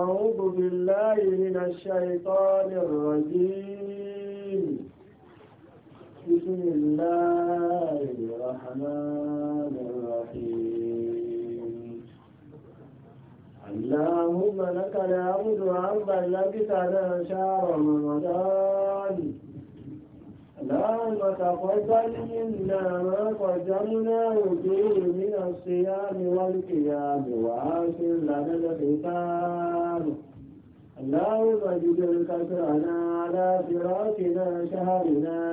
أعوذ بالله من الشيطان الرجيم بسم الله الرحمن الرحيم اللهم لك الحمد عما لبثنا شهر رمضان لا تقبل منا ما قدمناه فيه من الصيام والقيام وآخر لنا الختام اللهم اجد الكسرنا على فراقنا شهرنا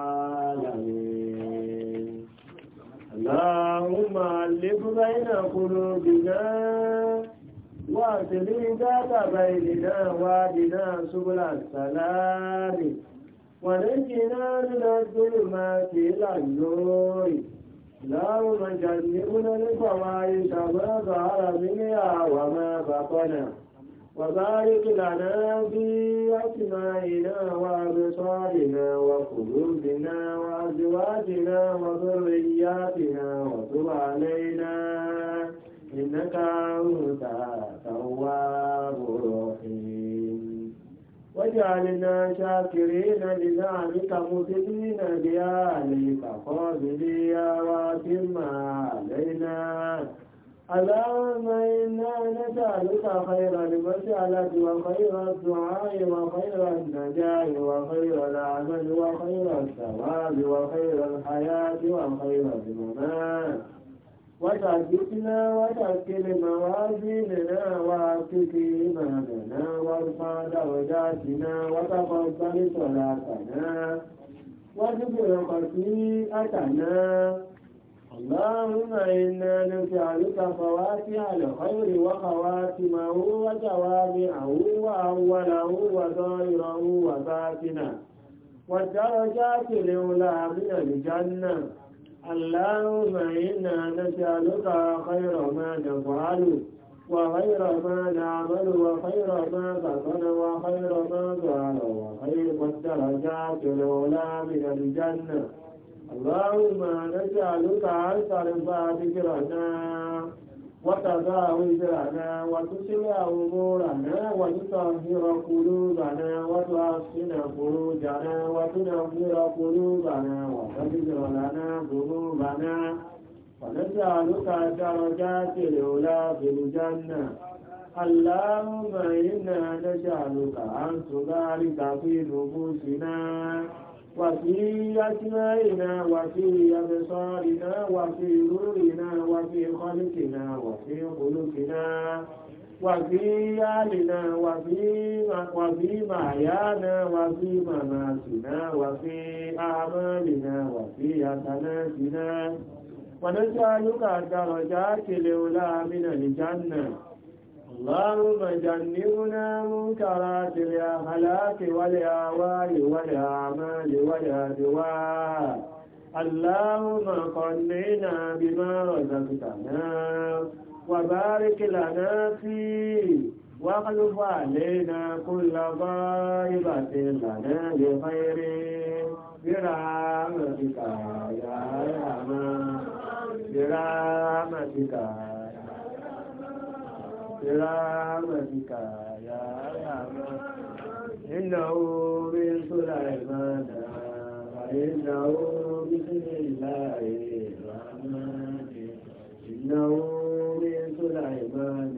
وألف بين قلوبنا واصل ذات بيننا وادنا سبل السلام ونجنا من الظلمات إلى النور اللهم جنبنا الفواحش ما ظهر منها وما بطن وبارك لنا في أسمائنا وأبصارنا وقلوبنا وأزواجنا وذرياتنا وتب علينا إنك أنت التواب الرحيم واجعلنا شاكرين لنعمك مسلمين بآلك قابليا وأتم علينا اللهم إنا نسألك خير المسألة وخير الدعاء وخير النجاة وخير العمل وخير الثواب وخير الحياة وخير الممات وثبتنا وتكل موازيننا وأكف إيماننا وارفع درجاتنا وتقبل صلاتنا واجبر خطيئتنا اللهم إنا نسألك فواتح الخير وخواتمه وجوامعه وأوله وظاهره وباطنه والدرجات الأولى من الجنة اللهم إنا نسألك خير ما نفعل وخير ما نعمل وخير ما بطن وخير ما ظهر وخير الدرجات الأولى من الجنة اللهم نسألك أن ترفع ذكرنا وتضع وزرنا وتصلح أمورنا وتطهر قلوبنا وتحسن خروجنا وتنور قلوبنا وتغفر لنا ذنوبنا ونسألك درجات الأولى في الجنة اللهم إنا نسألك أن تبارك في نفوسنا وفي أسمائنا وفي أبصارنا وفي نورنا وفي خلقنا وفي خلقنا وفي آلنا وفي وفي معيانا وفي مماتنا وفي أعمالنا وفي حسناتنا ونسألك الدرجات الأولى من الجنة اللهم جنبنا منكرات الأخلاق والأهواء والأعمال والأهواء اللهم قنعنا بما رزقتنا وبارك لنا فيه واخلف علينا كل ضائبة لنا بخير برحمتك يا رحمن برحمتك برحمتك يا رحمن إنه من سليمان وإنه بسم الله الرحمن إنه من سليمان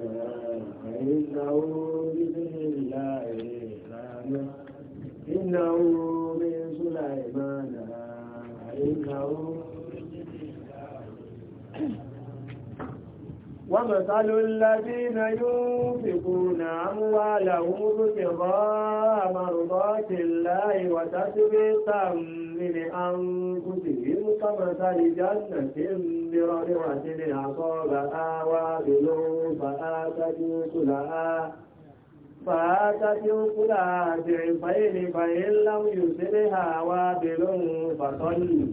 وإنه مثل الذين ينفقون أموالهم ابتغاء مرضات الله وتثبيتا من أنفسهم كمثل جنة بربوة أصابها وابل فآتت كلها فآتت كلها ضعفين فإن لم يصبها وابل فطل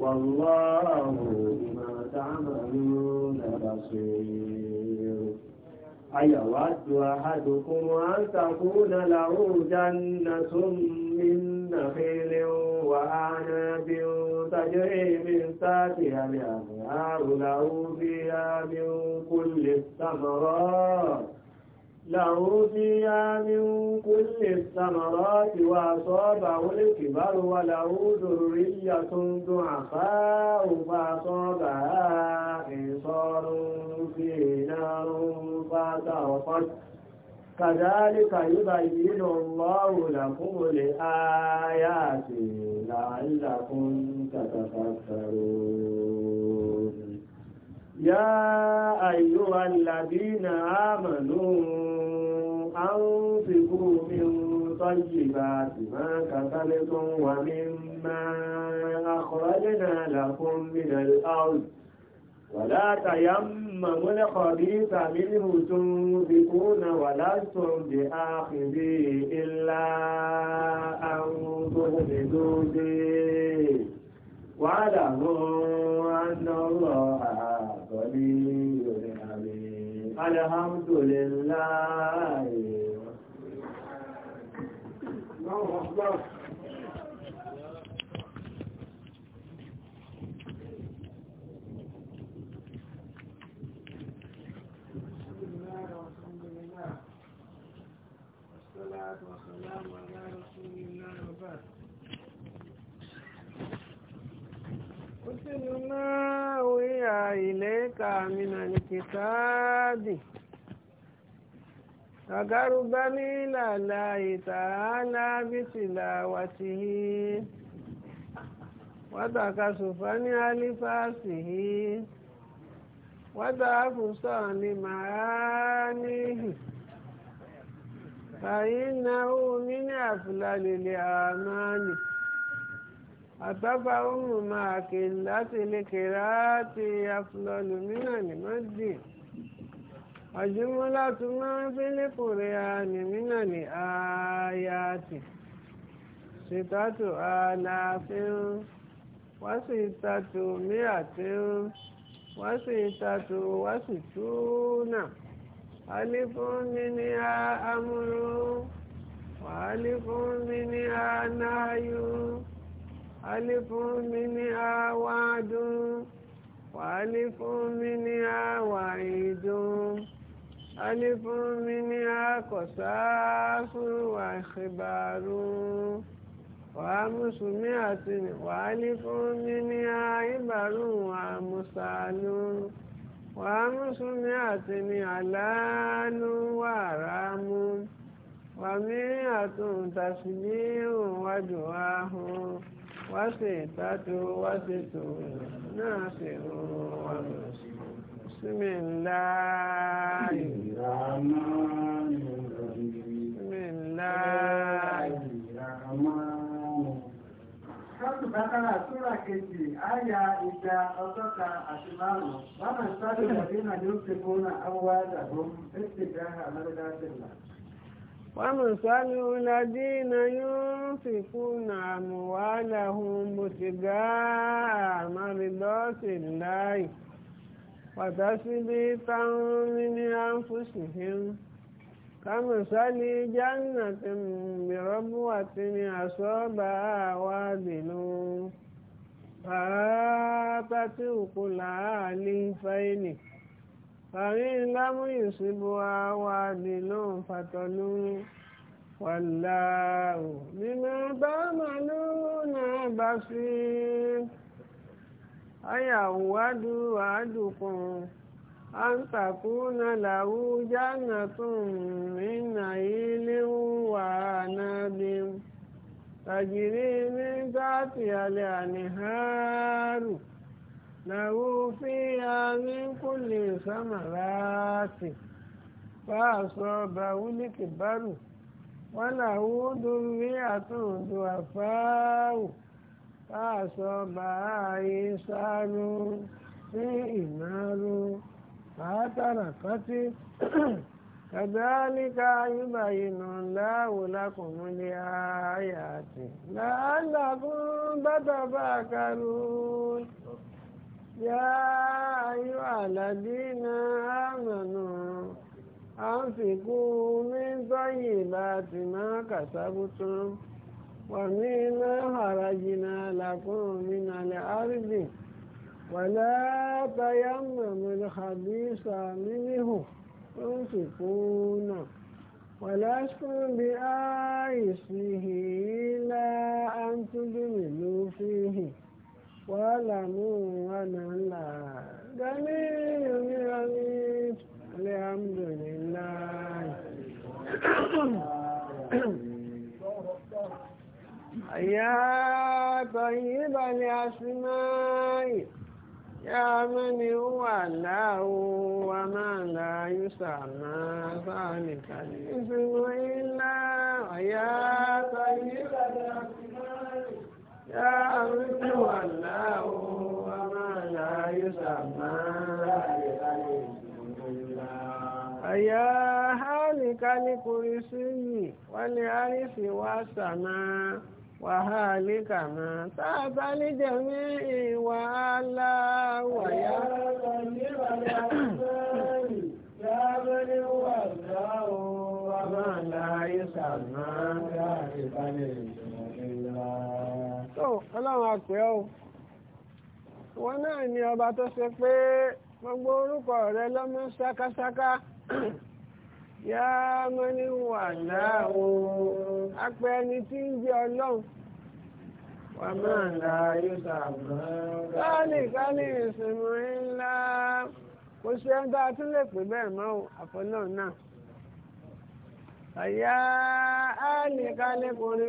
والله بما تعملون بصير أيود أحدكم أن تكون له جنة من نخيل وأعناب تجري من تحتها الأنهار له فيها من كل الثمرات له فيها من كل الثمرات وأصابه الكبر وله ذرية ضعفاء فأصابها إعصار في نار فاعترفت كذلك يبين الله لكم الآيات لعلكم تتفكرون يا أيها الذين آمنوا أنفقوا من طيبات ما كسبتم ومما أخرجنا لكم من الأرض ولا تيمموا الخبيث منه تنفقون ولستم بآخذيه إلا أن تغمضوا فيه واعلموا أن الله غني حميد الحمد لله الله أكبر والسلام على رسول الله وبعد ما أوحي إليك من الكتاب فقربني إلى الله تعالى بتلاوته وتكسفا لفاسه وتعفصا لمعانيه فإنه من أفلل الأعمال àtàbà òun máa kè láti lè kèrè àti afúlọ́lù mìíràn ní mọ́dì ọ̀jùmọ́lá tún máa ń gbélé kòrè àní mìíràn ní àyàtì ṣètàtò àlàáfíà wọ́n sì tàtò mìíràtíà wọ́n sì tàtò wọ́n sì túnà alifun mi ní amúrú wàhálifun mi ní anáyú. ألف منها وعد وألف منها وعيد ألف منها قصاص وإخبار وأمس مئة وألف منها عبر وأمثال وأمس مئة علان وأرام ومئة تسبيح ودعاه وستة وستون ناصر بسم الله súra kejì, àyà ìjà ọgọ́ta àti márùn-ún, wọ́n mọ̀ sọ́dọ̀ ní ó ti fún àwọn àwọn ó ti dáhà lọ́dọ̀ dáhà ومثل الذين ينفقون أموالهم ابتغاء مرضات الله وتثبيتا من أنفسهم كمثل جنة بربوة أصابها وابل فآتت أكلها لنفينه fàrí lámú ìṣubú àwọn àdìlò fàtọ́lú wàlá ò nínú bá màlú náà bá sí ayàwádù àádùkùn àǹtàkùnà làwù jáàna tún nínà ilé wà náà ní alẹ́ له فيها من كل ثمرات فأصابه الكبر وله ذرية ضعفاء فأصابها إنسان في النار فتركت كذلك يبين الله لكم الآيات لعلكم تتفكرون يا أيها الذين آمنوا أنفقوا من طيبات ما كسبتم ومما خرجنا لكم من الأرض ولا تيمموا الخبيث منه تنفقون ولستم بآيسه إلا أن تجملوا فيه wàhálà mi wàhálà ńlá gani oníranì alhamdulilayi. يا طيب الأسماء يا من هو الله وما لا يسمى ذلك الاسم إلا يا طيب الأسماء Ya àrùtí wà láàrùn wà máa láàyè sàmà láàyè láàyè ìgbòmìnira. àyà hálìkálì kùrì sí yìí wọ́n ní àrísì wá sàmà wàhálì kàmá sábà níjẹ̀ ní ìwàhálà wàyà. Yàrá ni wà láàrùn tó ọlọ́run àpẹ́ o wọn náà ni ọba tó ṣe pé gbogbo orúkọ rẹ lọ́mọ ṣákáṣáká yá mọ́ni wà náà o apẹ ẹni tí ń jẹ ọlọ́run wà máa ń la yóò sàmọ́ káàlì káàlì ìsinmi kò sí ẹni tá a tún lè pè bẹ́ẹ̀ mọ́ o àfọlọ́ náà àyà á nìkan lè kórè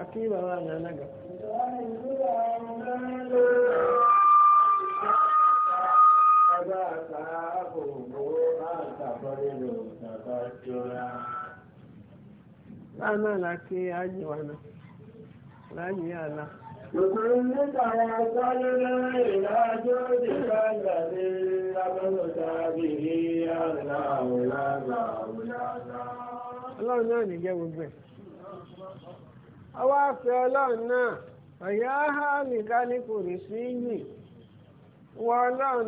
àti bàbá mi alága. Láàánú àlàkí ayé wa náà, láàyè àlà. Òkùnrin ní gbogbo ẹ̀. ọwọ́ àfẹ́ ọlọ́run náà ọ̀yọ́ ha nìkan rí sí yìí wọ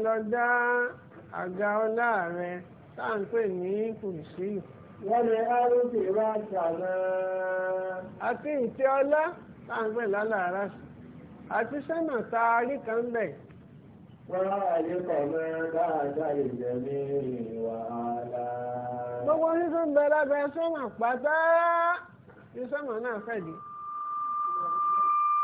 lọ dá àga ọlá rẹ tá à ń pè ní kùrìsì. wọ́n ní àti ìtẹ́ ọlá tá à ń pè lálàárá sí àti sẹ́nà tá rí kan bẹ̀. wọ́n gbogbo lábẹ́ pátá náà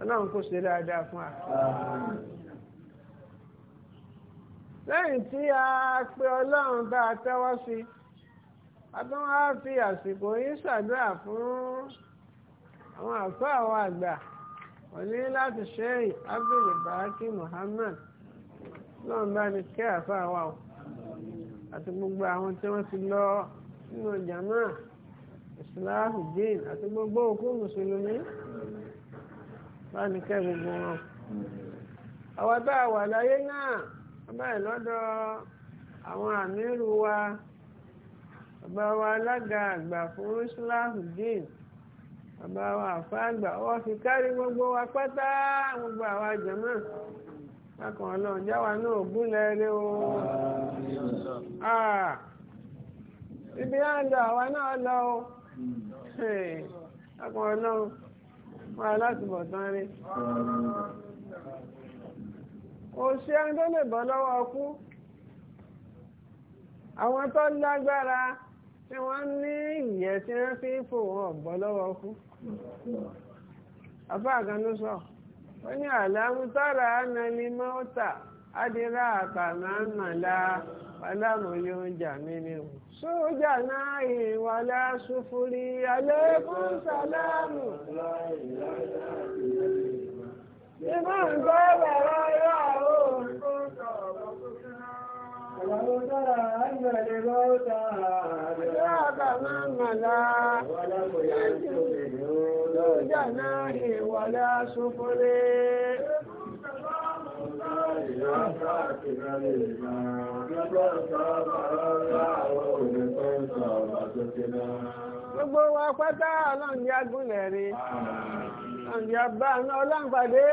ọlọ́run kò ṣe dáadáa fún wa. lẹ́yìn tí a pe ọlọ́run bá a tẹ́wọ́ sí a tún wá fi àsìkò yìí ṣàdúrà fún àwọn àfáà wa àgbà òní láti ṣe Abdul Baki Muhammad lọ́n bá ní kẹ́ àfáà wa o àti gbogbo àwọn tí wọ́n ti lọ nínú jàmáà Islahudeen àti gbogbo òkú mùsùlùmí. báni kẹ́ gbogbo wọn. àwa naa wà láyé náà báyìí lọ́dọ̀ wa bàbá wa alága àgbà fún islahudeen bàbá wa àfa àgbà fi kárí gbogbo wa pátá gbogbo awa jẹ̀mọ́ lákan ọlọ́run jáwa náà gúnlẹ̀ o ibi á lọ àwa náà lọ o máa látùbọ̀ tán rí òṣè ẹni tó lè bọ́ lọ́wọ́ ọkú àwọn tó lágbára tí wọ́n ní ìyẹ́ tí wọ́n fi ń fò wọn bọ́ lọ́wọ́ ọkú àbá kan ló sọ ó ní àlámútọ́ra nani mọ́ta adìrá àtàmánàlá alámọ̀lẹ́ oúnjẹ mi ni òun sójà náà ìwàlá sùfúrí àlékún sálámù. Ìmọ̀ ń gbọ́ bàbá yà ó. Àwọn sára àgbẹ̀lẹ̀ mọ́ta. Àjọ́ àbá máa ń mọ̀lá. Sójà náà ìwàlá sùfúrí. Gbogbo wa pátá ọlọ́run ya gúnlẹ̀ rí, ọlọ́run ya ọlọ́run pàdé,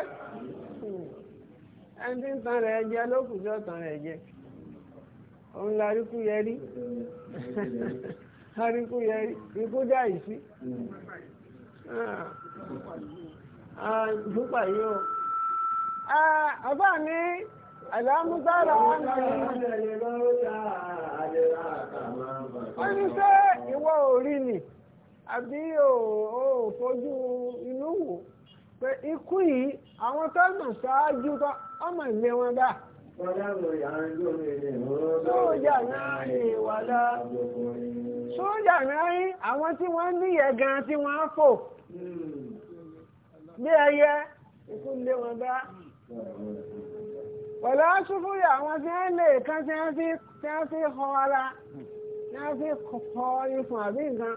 ẹni tí ń tan rẹ̀ jẹ lókùnjọ́ tan rẹ̀ jẹ. Òun la rí yẹ rí, rí kú yẹ rí, rí kú dá ìsí. Ààrùn ah, púpà yóò àbá ní àlámúgbára wọn ni wọ́n ní ṣé ìwọ ò rí ni àbí ò fojú inú wò pé ikú yìí àwọn tó mọ̀ ṣáájú tó ọmọ ìlé wọn dá. Sójà náà ní ìwàlá. Sójà náà ní àwọn tí wọ́n níyẹ̀ gan tí wọ́n fò. Bí ẹyẹ, ikú lé wọn dá pẹ̀lú aṣúfúyà àwọn tí wọ́n lè kán tí wọ́n fi họ ara tí wọ́n fi kọ ikùn àbí nǹkan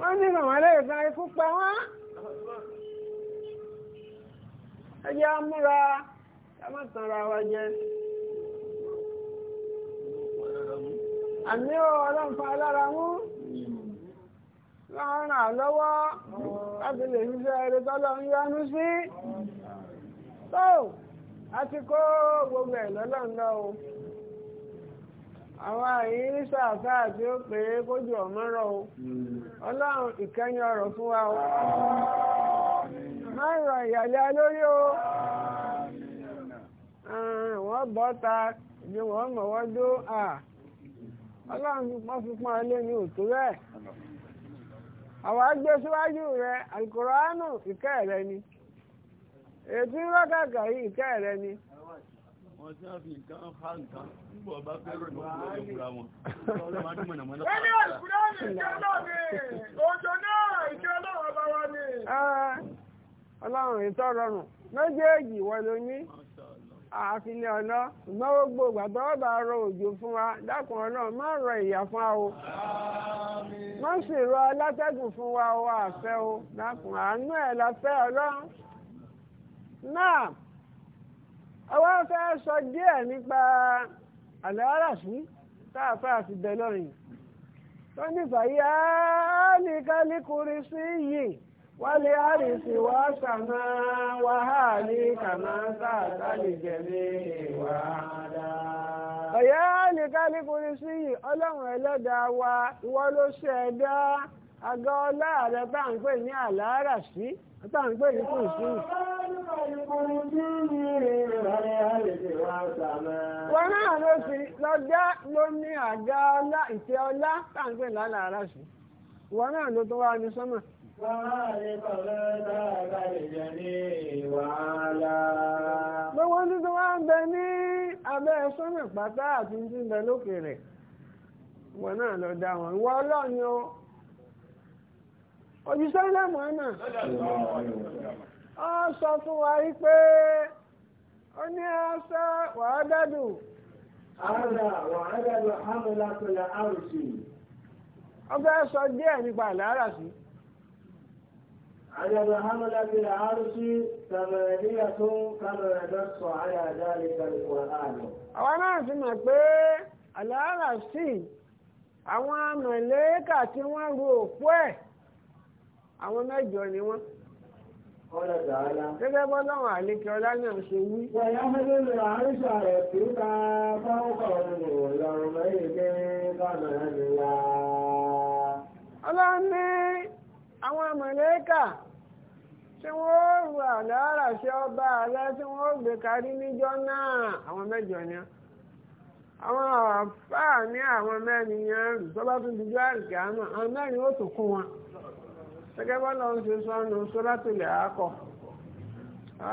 wọ́n ní màmá lè kan ikú pa wọ́n ẹjẹ́ múra ẹmọ́tànra wa jẹ́ àmì ọlọ́nfà alára mú láàrín àlọ́wọ́ láti lè ṣiṣẹ́ eré ń yánú sí tó a ti kó gbogbo ẹ̀ lọ́lọ́ńdọ́ o àwọn àyín sàfà àti ó pè é kójú ọ̀mọ́rọ̀ o ọlọ́run ìkẹyìn ọ̀rọ̀ fún wa o má rọ ìyàlẹ́ lórí o wọ́n bọ́ ta ju wọ́n mọ̀wọ́ à ọlọ́run wọ́n fi ilé ní òtó rẹ̀ àwọn agbésíwájú rẹ̀ àlùkòrò ánù ìkẹ́ rẹ̀ ni. ètí rọ́gàgà yìí kẹ́ rẹ ni wọ́n tí wọ́n fi nǹkan ha nǹkan nígbà ọba fẹ́rẹ̀ ló kúrò lè wúra wọn ọlọ́run máa dúnmọ̀ nàmọ́lá. ẹni àìkúrẹ́ ní ìjọ náà ni òjò náà ìjọ náà ọba wa ni. Ah, ọlọ́run ìtọ́ rọrùn méjèèjì wọ́n ló ní àfilẹ̀ ọ̀nà ṣùgbọ́n gbogbo bàbá ọba rọ òjò fún wa dákun ọlọ́run má rọ ìyà fún wa o má sì rọ alátẹ́gùn fún wa o àfẹ́ o dákun àánú ẹ̀ la fẹ́ ọlọ́run. náà ọwọ́ fẹ́ sọ díẹ̀ nípa àlẹ́wárásí táàfà àti bẹ̀lọ́rin tó nípa yá ní kálíkùrí sí yìí wálé àrìsí wá sàmà wàhálì kàmá sáàtàlì ìwà ọ̀yá ní kálíkùrí sí yìí ọlọ́run ẹlẹ́dàá wa ló àgọ́ ọláàrẹ tá à ń pè ní àlàárà sí tá à ń pè ní kùn sí. wọ́n náà ló sì lọ́jà ló ní àga ọlá ìtẹ́ ọlá tá à ń pè ní àlàárà sí wọ́n náà ló tó wá ní sọ́mà. Gbogbo ní tó wá ń bẹ ní abẹ́ sọ́mà pátá àti ń bẹ lókè rẹ̀. Wọ́n náà lọ dá wọn. Ìwọ ọlọ́ni òjíṣẹ́ ilẹ̀ mọ́nà ọ sọ fún wa wípé ó ní ọ́sẹ́ wàádádù ààrẹ wàádádù hamilatola arùsì ọgbẹ́ sọ díẹ̀ nípa àlàárà sí عدد حملة العرش ثمانية كما نص على ذلك القرآن. àwọn náà ti mọ̀ pé àlàárà sí àwọn mẹ̀lẹ́kà tí wọ́n ru òpó ẹ̀ àwọn mẹ́jọ ni wọ́n gẹ́gẹ́ bọ́ lọ́wọ́ àlékẹ́ ọlá náà ṣe wí. wọ̀nyá ní àwọn mọ̀lẹ́kà tí wọ́n sí ọba alẹ́ tí wọ́n gbé kárí níjọ́ náà àwọn mẹ́jọ ni àwọn àfáà ní àwọn mẹ́rin yẹn rù tó àwọn mẹ́rin gẹ́gẹ́ bọ́lá ń ṣe sọ́nù sóràtìlẹ̀ àákọ́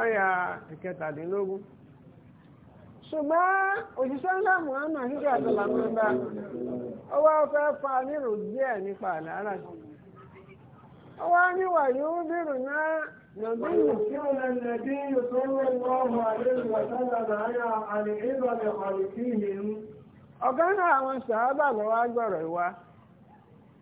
àyà ìkẹtàdínlógún ṣùgbọ́n òṣìṣẹ́ ńlá Muhammad nígbà tó lámọ́dá ó wá fẹ́ fa nírò díẹ̀ nípa àlàárà ó wá níwà yóò dìrò náà nàbí ìṣẹ́lẹ̀ nàbí ìṣẹ́lẹ̀ lọ́wọ́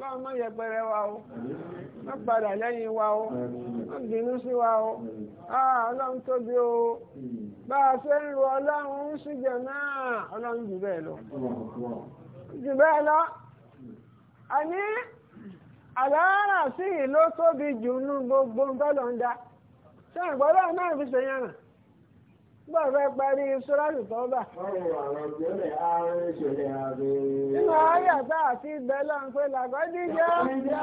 lọ́wọ́ mọ́ yẹpẹrẹ wa o wọ́n padà lẹ́yìn wa o wọ́n bínú sí wa o ọlọ́run tóbi o bá a ṣe ń lo ọlọ́run ń ṣíjẹ náà ọlọ́run jù bẹ́ẹ̀ lọ jù bẹ́ẹ̀ lọ àní àlàárà sí ìlú tóbi jù nú gbogbo ń bọ́lọ̀ ń da ṣé ìgbọ́lọ́ náà fi ṣe yànnà. Gbọ́n fẹ́ parí Sọ́rọ́sì tó bà. Nínú ayà tá a ti bẹ lọ́n pé làkọ́jú jẹ́. Ìjà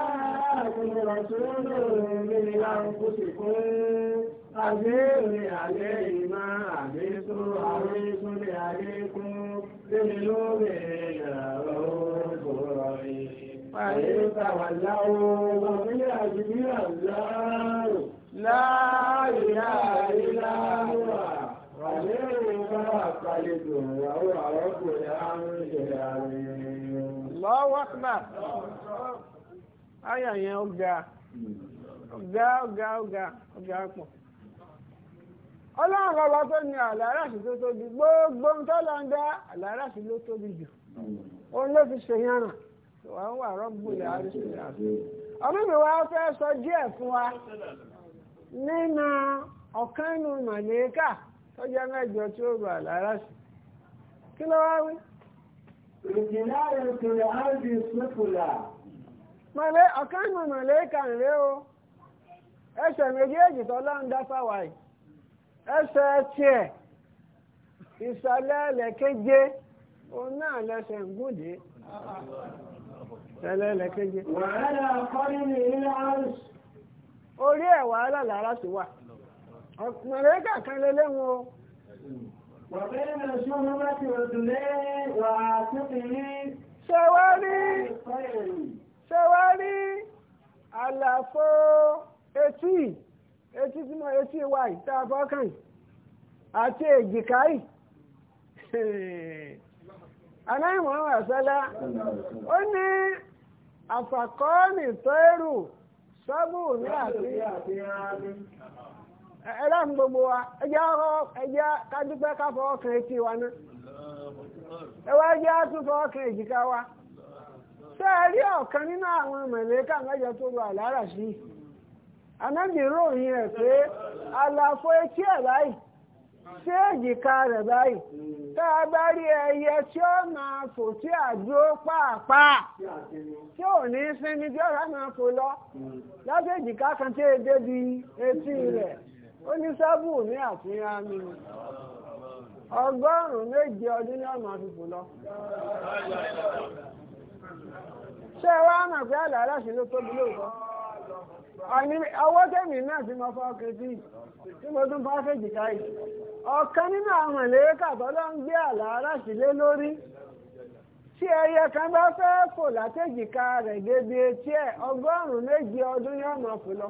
àkùnrin ọ̀ṣun lòun ní ìlànkú sì fún. Àbí òní àlẹ́ ìmá àbí tó àwọn èso lè àlẹ́ kún. Bẹ́ẹ̀ni ló bẹ̀rẹ̀ ìyàrá oṣù rọ̀ yìí. Pàdé tàwàlá ooo, bàbá yà jù ní àlá. Láàyè láàyè. àtàlejò ìyàwó lọ́wọ́ pà áyà yẹn ó ga ọ̀gá ọ̀gá ọ̀gá pọ̀. ọlọ́run ọba tó ní àlàáràṣì tó tóbi gbogbo ń tọ́lọ ń dá àlàáràṣì ló tóbi jù òun ló fi ṣèyànnà wà ń wà rọ́bù láàrin ìṣẹ̀lẹ̀ àárín. ọmọ mi wá fẹ́ sọ díẹ̀ fún wa nínú ọ̀kan nínú màlẹ́kà. tó jẹ́ mẹ́jọ tí ó lára lárásì kí ló wá wí. ìjìnlẹ̀ ìpìlẹ̀ mọ̀lẹ́ ọ̀kan nù mọ̀lẹ́ o ẹsẹ̀ méjèèjì tó lọ́n dá fáwáì ẹsẹ̀ tiẹ̀ ìsàlẹ̀ wàhálà wà. mọ̀lẹ́kà kan lélẹ́ wọn o. wàbẹ́rẹ́ lọ sí ọmọ bá ti rọ̀dùn lé wà tóbìnrin. ṣé wá rí ṣé wá rí àlàfo etí etí tí mo etí wà yìí tá a bọ́ kàn yìí àti èjìká yìí aláìmọ̀ àṣálá ó ní àfàkọ́ọ̀nì tó èrù sọ́bù ní àti ẹlẹ́nu gbogbo wa ẹjẹ́ ọ̀rọ̀ ẹjẹ́ kájúpẹ́ káfọ́ ọkàn etí wa ná ẹwà ẹjẹ́ àtúnfọ́ ọkàn èjìká wa rí nínú àwọn mẹ̀lẹ́kà mẹ́jọ tó sí i ẹ̀ pé àlàfo etí ẹ̀ báyìí rẹ̀ báyìí tá ó ní sábù ní àfihàn mi ọgọ́rùn-ún méje ọdún ní ọ̀nà lọ. ṣé wá mọ̀ pé àlà aláṣẹ ló tóbi lóòótọ́ ọwọ́ tẹ̀mí náà tí mo fọ́ kẹtí tí mo tún bá fèjì káyì ọ̀kan nínú àwọn ìlérékà tó lọ ń gbé àlà aláṣẹ lé kan bá fẹ́ fò rẹ̀ ẹ̀ ọgọ́rùn-ún méje ọdún ní lọ.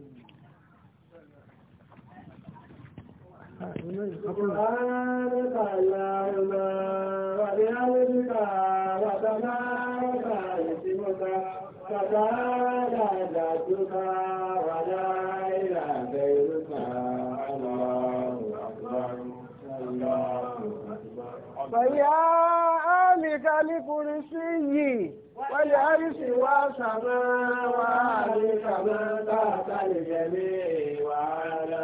سبحانك اللهم وبحمدك وتبارك اسمك فتعالى ذاتك ولا اله غيرك الله اكبر الله اكبر فيا آلك لكرسي والعرش وسماواتك من تحت الجميع وعلى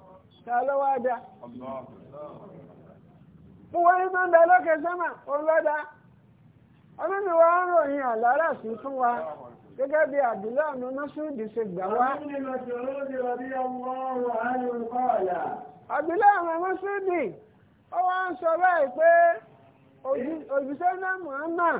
tàlọ́wọ́dá púpọ̀ ní tó ń lókè sẹ́mà olódá ọlọ́ni wa ń ròyìn àlárà sí fún wa gẹ́gẹ́ bí àdúlá ọ̀nà mọ́súdì ṣe gbà wá àdúlá ọ̀nà ó wá ń sọ báyìí pé náà Muhammad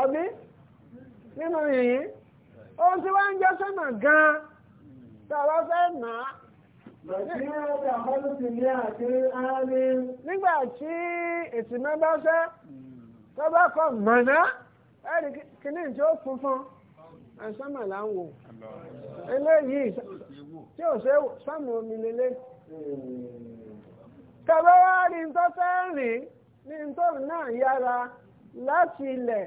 àbí nínú yìnyín ohun tí wọ́n ń jẹ́ sọ́nà gan-an tàbá fẹ́ nà á. Nígbà tí ìtìmọ́ bá fẹ́ tó bá kọ mọ̀nà ẹ̀rì kìíní tí ó funfun àìsánmà là ń wò. Eléyìí tí ò ṣe sáàmù omi lélẹ̀. Tàbá wá rí tó fẹ́ rìn ní tó náà yára láti ilẹ̀.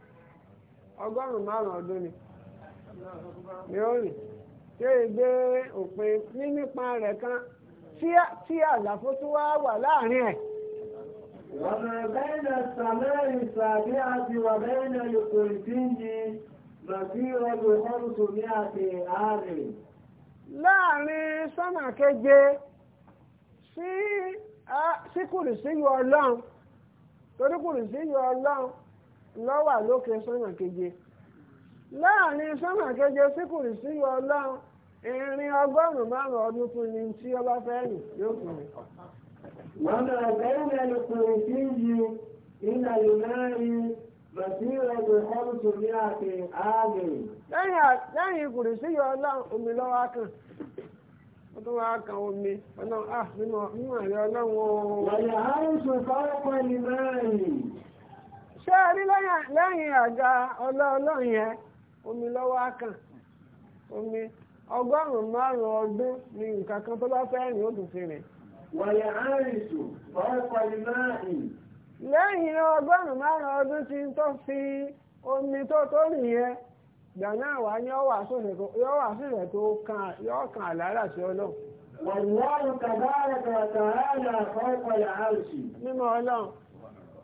ọgọ́rùn-ún márùn-ún ọdún ni ni ó rìn tí ó gbé òpin ní nípa rẹ̀ kan tí àlàfo tó wá wà láàrin ẹ̀. وما بين السماء السابعة وبين القرطين مسيرة خمسمائة عام láàrin sánmà keje sí kùrìsí yọ ọlọ́run torí kùrìsí yọ ọlọ́run lọ́wà lókè sọ́nà keje láàrin sọ́nà keje sí kùrìsí ọlọ́run ìrìn ọgọ́rùn-ún márùn-ún ọdún fún ni tí ọba fẹ́ rìn yóò fún mi. Mọ̀nà ọ̀gbẹ́rún ẹni kùnrin sí yìí ìlà ìlú ní wá kan omi ah, nínú àrí ọlọ́run fọ́ọ̀kọ́ ni ṣé ẹ rí lẹ́yìn àga ọlọ́ọ̀lọ́ọ̀ yẹn omi lọ́wọ́ omi ọgọ́rùn-ún márùn-ún ọdún ni nǹkan kan tó bá fẹ́ rìn ó tún fi lẹ́yìn ọgọ́rùn márùn ọdún tí tó fi omi tó tó rìn yẹn gbà náà wá ní ọwọ́ tó sí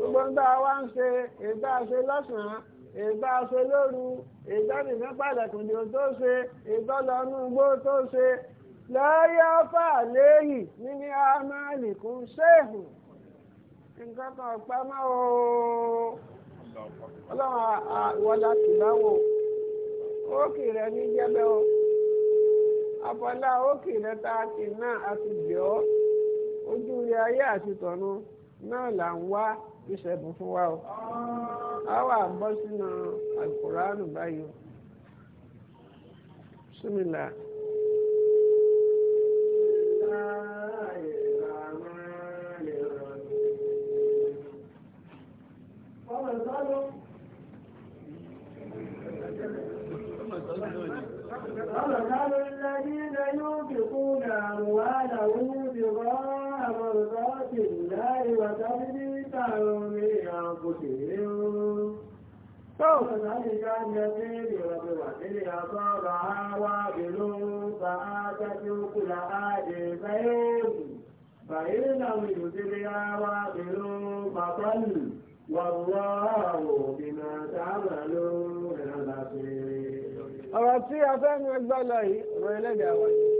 gbogbo ń bá wa ń ṣe ìgbà ṣe lọ́sàn-án ìgbà ṣe lóru ìgbà nìkan pàdàkùnjò tó ṣe ìgbà lọ́nú igbó tó ṣe lọ́yọ́ fà léyìn níní amálì kún ṣéèfù nǹkan kan ọ̀pá máa o ọlọ́run àwọ̀dà tìbáwò ókè rẹ ní jẹ́bẹ́ o àbọ̀lá ókè rẹ ta kì náà àti bẹ̀ ọ́ ojú rẹ ayé àti tọ̀run náà là ń wá. ìṣẹ́gun fún wa o a wà bọ́ sínú alukóránù báyìí o súnmìlà. ومثل الذين ينفقون أموالهم ابتغاء مرضات الله وتبذير فإن يدريا وابل فطل والله بما تعملون بصير. أرى أتي أفهم أقبل أي ولا دعوة.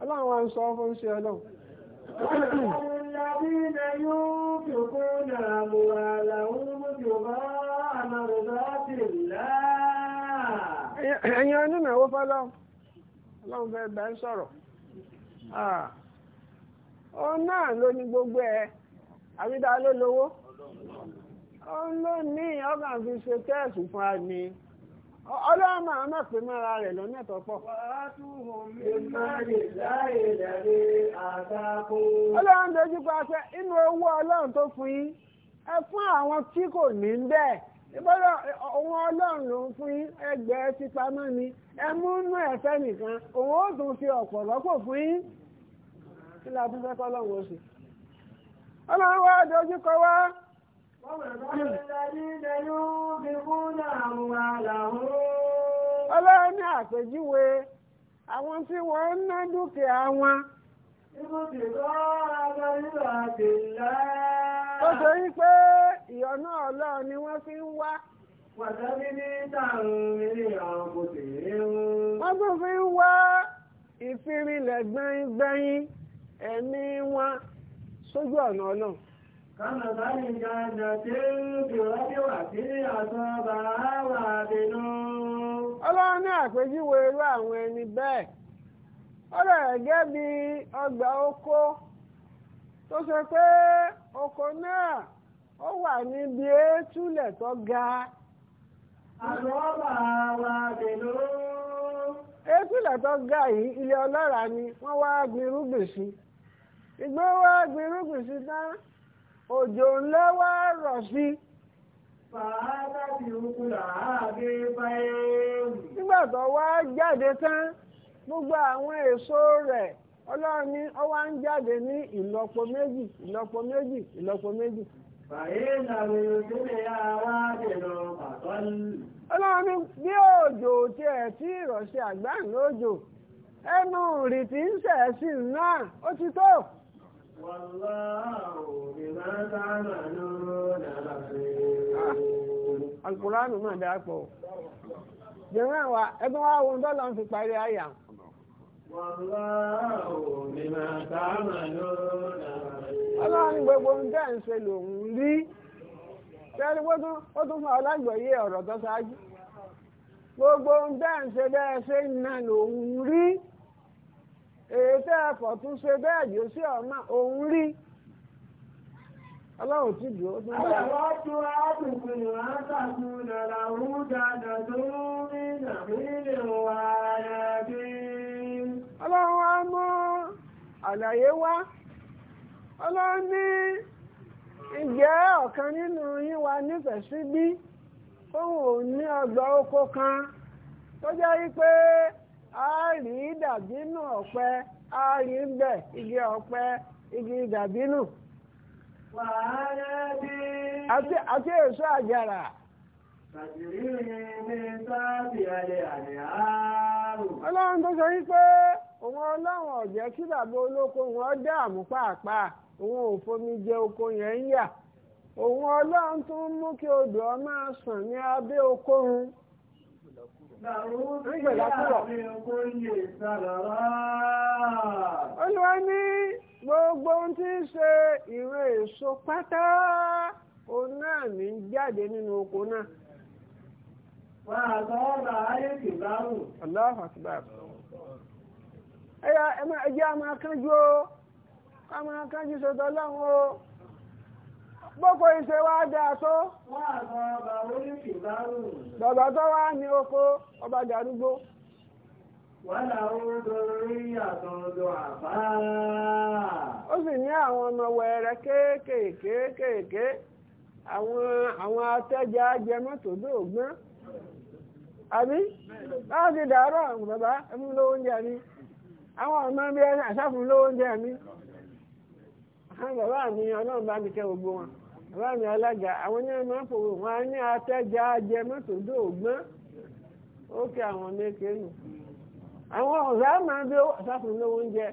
ọlọ́run ń sọ fún ṣe ọlọ́run. الذين ọdún náà fọ́lọ́ ọlọ́run fẹ́ bẹ́ẹ̀ sọ̀rọ̀ òun náà ló ní gbogbo ẹ̀ ló lówó ló ní fi ṣe fún ọlọ́mọ àmọ́ pé mara rẹ̀ lọ́nà tó ọlọ́run dojú pa inú owó ọlọ́run tó fún yín ẹ fún àwọn tí kò ní bẹ́ẹ̀ ìbọ́dọ̀ òun ọlọ́run ló ń fún yín ẹgbẹ́ ti pamọ́ ni ẹ mú inú ẹ̀fẹ́ nìkan òun ó tún fi ọ̀pọ̀ fún yín kí la fẹ́ kọ́ ọlọ́run ó ọlọ́run ní àpèjúwe àwọn tí wọ́n ń ná dúkìá wọn. ó sọ yí pé ìyọ́nú ọlọ́run ni wọ́n fi ń wá. wọ́n tún fi ń wá ìfirinlẹ̀ gbẹ̀yìn gbẹ̀yìn ẹ̀mí wọn sójú ọ̀nà ọlọ́run. كما ذل الجنة بربوة أصابها ní àpèjúwe irú àwọn ẹni bí ọgbà oko tó ṣe pé oko náà ó wà níbi eétúlẹ̀ tó ga eétúlẹ̀ tó ga yìí ilẹ̀ ọlọ́ràá ni wọ́n wá gbin sí wá gbin òjò ńlá wá rọ̀ sí. fàáta wá jáde tán gbogbo àwọn èso rẹ̀ ọlọ́run ní ó wá ń jáde ní ìlọ́po méjì ìlọ́po méjì ìlọ́po méjì. Ọlọ́run ní bí òjò tí ẹ̀ tí ìrọ̀ṣẹ́ ẹnu rìtì ń sẹ̀ sí náà ó ti tó. alukuraanu náà dáa pọ̀ wa ẹgbẹ́ wa wo ńdọ́là ń fi parí àyà. ọlọ́run gbogbo ń tẹ̀ ń ṣe lòun rí tẹ́lẹ̀ ó tún fún ọlágbọ̀yé ọ̀rọ̀ tó ṣáájú gbogbo ń tẹ̀ ń ṣe bẹ́ẹ̀ ṣe ń ná lòun èyí tẹ́ ẹ tún ṣe bẹ́ẹ̀ yóò sí ọ̀nà rí ọlọ́run tí bí ó tún bá. àwọn tó àdùnkù dáadáa tó rí nàmílẹ̀ wà ọlọ́run wa mú àlàyé wá ọlọ́run ní ọ̀kan nínú yín wa nífẹ̀ẹ́ sí ní ọgbà oko kan tó jẹ́ a rí dàbínú ọ̀pẹ a rí ń bẹ̀ igi ọ̀pẹ igi dàbínú. wàhálà bí. àti èso àjàrà. Ọlọ́run tó sọ wípé òun ọlọ́run ọ̀jẹ́ kí bàbá olóko wọn dààmú pàápàá òun ò fomi jẹ oko yẹn ń yà. Òun ọlọ́run tó ń mú kí odò ọ ọmọ sàn ní abẹ́ okòrun. Olúwa ní gbogbo ohun tí ń ṣe ìwé èso pátá òun náà ní jáde nínú oko náà. Wà á sọ ọ́bà ayé a máa kánjú o, máa kánjú gbogbo iṣẹ́ wá dáa tó bàbá wọ́n wá ní ọba darúgbó ó sì ní àwọn ọmọ wẹ̀rẹ̀ kéékèèké àwọn dàárọ̀ bàbá ẹmú lówó oúnjẹ mi àwọn ọmọ bí ẹni àṣàfún lówó oúnjẹ mi àwọn bàbá mi ọlọ́run bá mi gbogbo wọn báàmì alága àwọn ní ọmọ fòwò wọn á ní atẹ́jà ajẹ mọ́tò dóògbọ́n ó kí àwọn méke nù àwọn ọ̀rá máa bí sáfún lówó oúnjẹ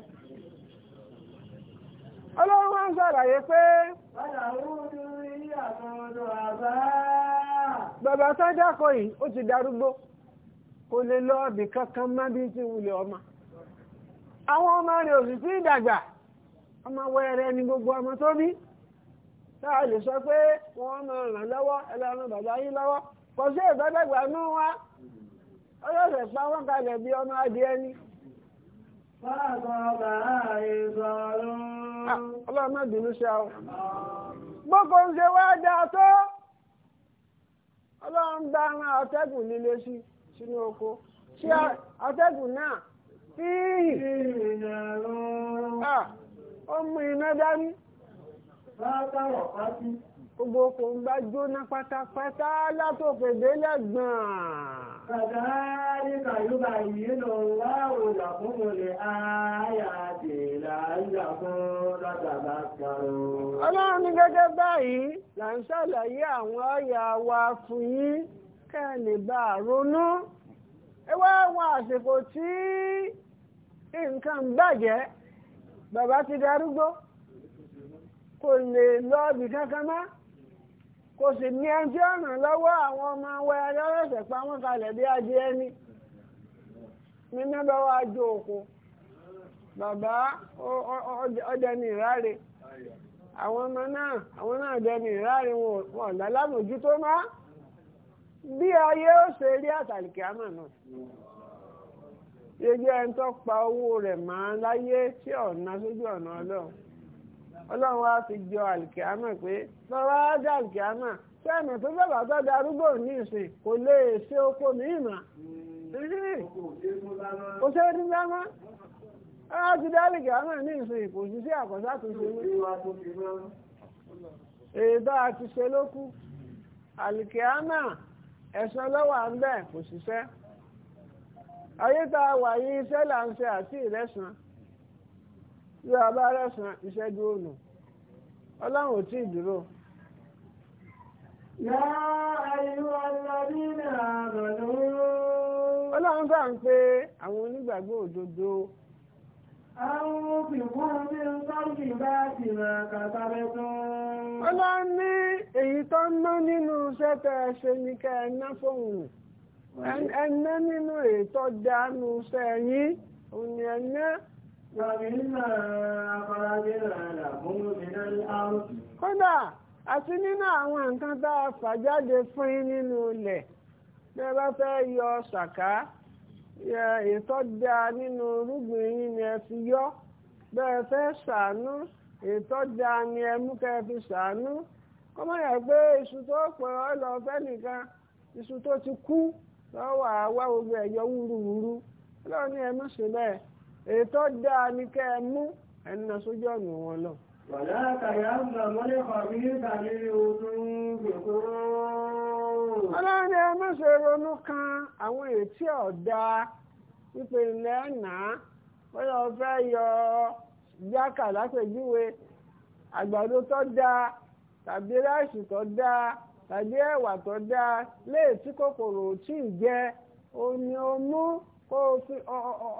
ọlọ́run wá sàlàyé pé bàbá sájà kọ yìí ó ti darúgbó kò lè lọ ọbì kankan má bí tí wulẹ̀ ọmọ àwọn ọmọ rẹ̀ òsì sí ìdàgbà ọmọ ni gbogbo ọmọ tó bí tá a sọ pé wọ́n ràn lọ́wọ́ bàbá lọ́wọ́ kò sí wa kalẹ̀ bí ọmọ adìẹ ni. Ah, ọlọ́mọ bínú ṣe ọ. bókò ń ṣe wá látàrọ̀ pátí. Gbogbo kò ń gbá jóná pátápátá látòkè délẹ̀ gbọ̀n. Kàdáríkà yóò bá yìí lọ wá òòlà fún olè ayà àdèlà ìyà fún látàbà kàrò. Ọlọ́run ní gẹ́gẹ́ báyìí là ń ṣàlàyé àwọn ọ̀yà wa fún yín kẹ́ ẹ lè bá a ronú. Ẹ wá wọn àsìkò tí nǹkan bàjẹ́ bàbá ti darúgbó. kò lè lọ ibì kankan mọ́ kò sì ní ẹni ọ̀nà lọ́wọ́ àwọn ọmọ wa ẹlẹ́rẹ̀ẹ́sẹ̀ pa kalẹ̀ bí ajé ẹni ní mẹ́bàá wa jó òkú bàbá ọdẹ ìráre àwọn ọmọ náà àwọn náà dẹ ìráre wọn ọ̀dà lámòjútó má bí ayé ó ṣe rí àtàlìkì àmà náà pa owó rẹ̀ máa láyé tí ọ̀nà sójú ọ̀nà ọlọ́run ọlọ́run wá ti jọ àlìkíámà pé lọ́wọ́ ájá àlìkíámà tí àmì tó bàbá tó darúgbò ní ìsìn kò lè ṣe oko ní ìmọ̀ hmm, kò ṣe ní dáná ti dá àlìkíámà ní ìsìn kò sí sí àkọ́sá tó ṣe èdè àti ṣe ẹ̀sán lọ́wọ́ à kò ṣiṣẹ́ ayé bí a bá rẹ̀sán ìṣẹ́jú òòlù ọlọ́run ò tí ì dúró. ọlọ́run gbà ń pé àwọn onígbàgbọ́ òdodo. àwọn òkùnkùn ní sọ́ọ̀kì bá ti rà kàtàbẹ́ tán. ọlọ́run ní èyí tó ń ná nínú iṣẹ́ tẹ́ ẹ ṣe ní kẹ́ ẹ ná fóun nínú èyí tó dánú iṣẹ́ yín òun ni ẹ ná. kódà àti nínú àwọn nǹkan tá a fà jáde fún yín nínú ilẹ̀ bẹ́ẹ̀ bá fẹ́ yọ ṣàká ètò dá nínú irúgbìn yín ni ẹ fi yọ́. bẹ́ẹ̀ fẹ́ ṣàánú ètò dá ni ẹ mú kẹ́ fi ṣàánú kọ́mọ́ yẹ pé iṣu tó pọ̀ ọ́ lọ fẹ́ nìkan iṣu tó ti kú lọ́wọ́ àwa gbogbo ẹ̀yọ wúruwúru ọlọ́run ni ẹ má ṣe bẹ́ẹ̀. ètò dáa ní kẹ́ ẹ mú ẹni náà sójú ọ̀nà wọn lọ. wàlá àtàyà ń lọ mọ́lẹ́ kọ̀ọ̀bí níta ọlọ́run ronú kan àwọn ètí ọ̀dà wípé ilẹ̀ náà o fẹ́ yọ jákà tàbí tàbí kòkòrò o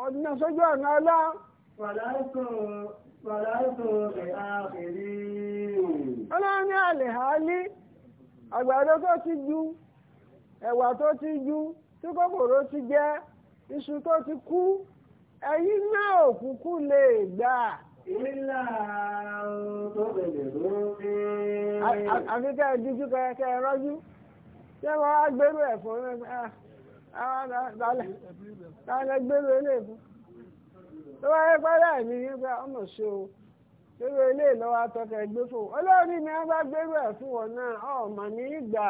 ọ̀nà sójú ọ̀nà ọlá. ọlọ́run ní àlè hálí ti ju ẹ̀wà tó ti ju tí kòkòrò ti jẹ iṣu tó ti kú ẹ̀yin náà òkúkú lè gbà. Ilá tó bẹ̀rẹ̀ lórí. tààlẹ̀ gbèrò eléèbú tó wá ọmọ ṣe o lọ́wọ́ atọ́kẹ́ fún ni a bá gbèrò ẹ̀ fún wọn náà ọ̀mà ní ìgbà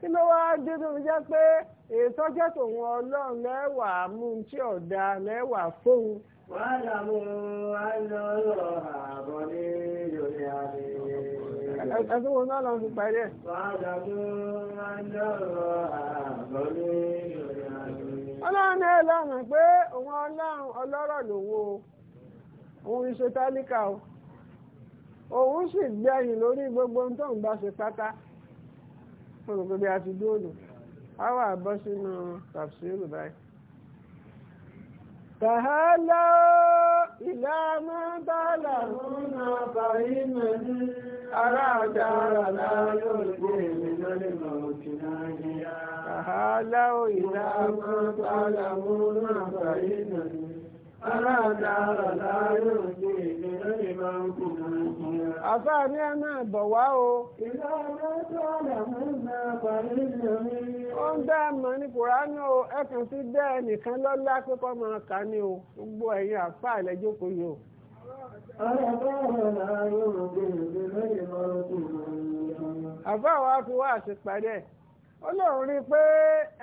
kí ló wá tó jẹ́ pé ètò ọlọ́run mú ọ̀dà fóun. àbọ̀ ní yorùbá ẹ̀sùn wọn náà lọ́n fi parí ẹ̀. ọlọ́run ẹ lọ́rùn pé òun ọlọ́run ọlọ́rọ̀ lòun o òun iṣẹ́ tálíkà o òun sì gbẹ̀yìn lórí gbogbo ohun tó ń bá ṣe pátá fún òun bí a ti dúró تعالوا إلى ما تعلمون فإنني أراد لا يلقي من الموت ناجيا تعالوا إلى ما تعلمون فإنني Àfá ní ẹ̀nà ẹ̀bọ̀ wá o. Ó ń dá ẹ̀mọ̀ ní Kùránì o, ẹkùn sí dẹ́ ẹnìkan lọ́lá pípọ́ máa kà ní o, gbogbo ẹ̀yin àfá ìlẹ́jókòó yìí o. Àfá wa fi wá àṣepàdé, ó lóun rí pé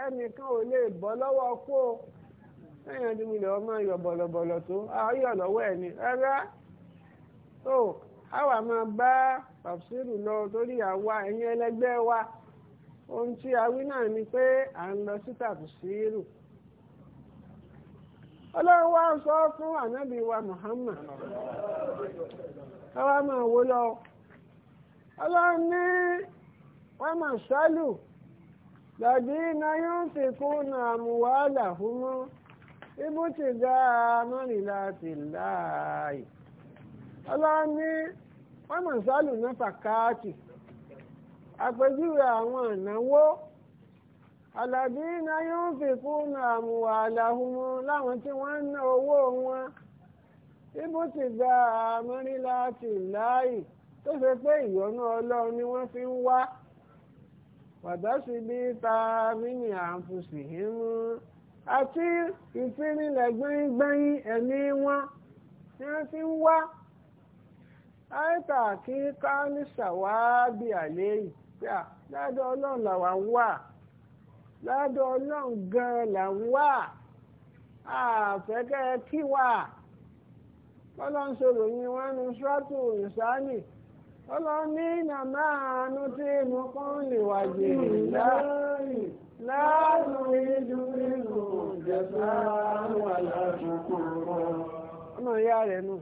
ẹnìkan ò lè bọ́ lọ́wọ́ kó o. lẹ́yìn adúmílẹ̀ ọmọ yọ bọ̀lọ̀bọ̀lọ̀ tó ayọ̀ lọ́wọ́ ẹ̀ ni rárá tó àwa máa bá tàfsírù lọ torí àwa ẹ̀yin ẹlẹgbẹ́ wa ohun tí a wí náà ni pé à ń lọ sí tàfsírù ọlọ́run wá sọ fún ànábì wa Muhammad káwá máa wó lọ ọlọ́run ní wọ́n máa ṣálù lọ́dí iná yóò fi kún àmúwálà fún mọ́. ibùtì gá mọ́rìnlá ti láàyè ọlọ́run ní wọ́n mọ̀ sálù náà fàkáàtì àpèjúwe àwọn ìnáwó àlàbí iná yóò fi kúnnà àmùwà àlàhùmọ́ láwọn tí wọ́n ń ná owó wọn ibùtì gá mọ́rìnlá ti láàyè tó ṣe pé ìyọ́nú ọlọ́run ni wọ́n fi ń wá wàdásí bí ta mí ní àǹfùsì hímú. àti ìfirinlẹ̀ gbẹ́ngbẹ́yìn ẹ̀mí wọn tí wọ́n fi ń wá àìtà kí ká ní ṣàwábì àléyìn pé à ládọ́ ọlọ́run làwa ń wà ládọ́ ọlọ́run gan-an là ń wà àfẹ́kẹ́ kí wà ọlọ́run ṣòro yín wọn nu ṣọ́ọ̀tù ìsáàlì ọlọ́ní nàmá àánú tí mo kàn lè wáyé láàyè láàánú ìlú nínú ìjẹsà wà lásìkò wọn. ọmọ ìyá rẹ̀ nù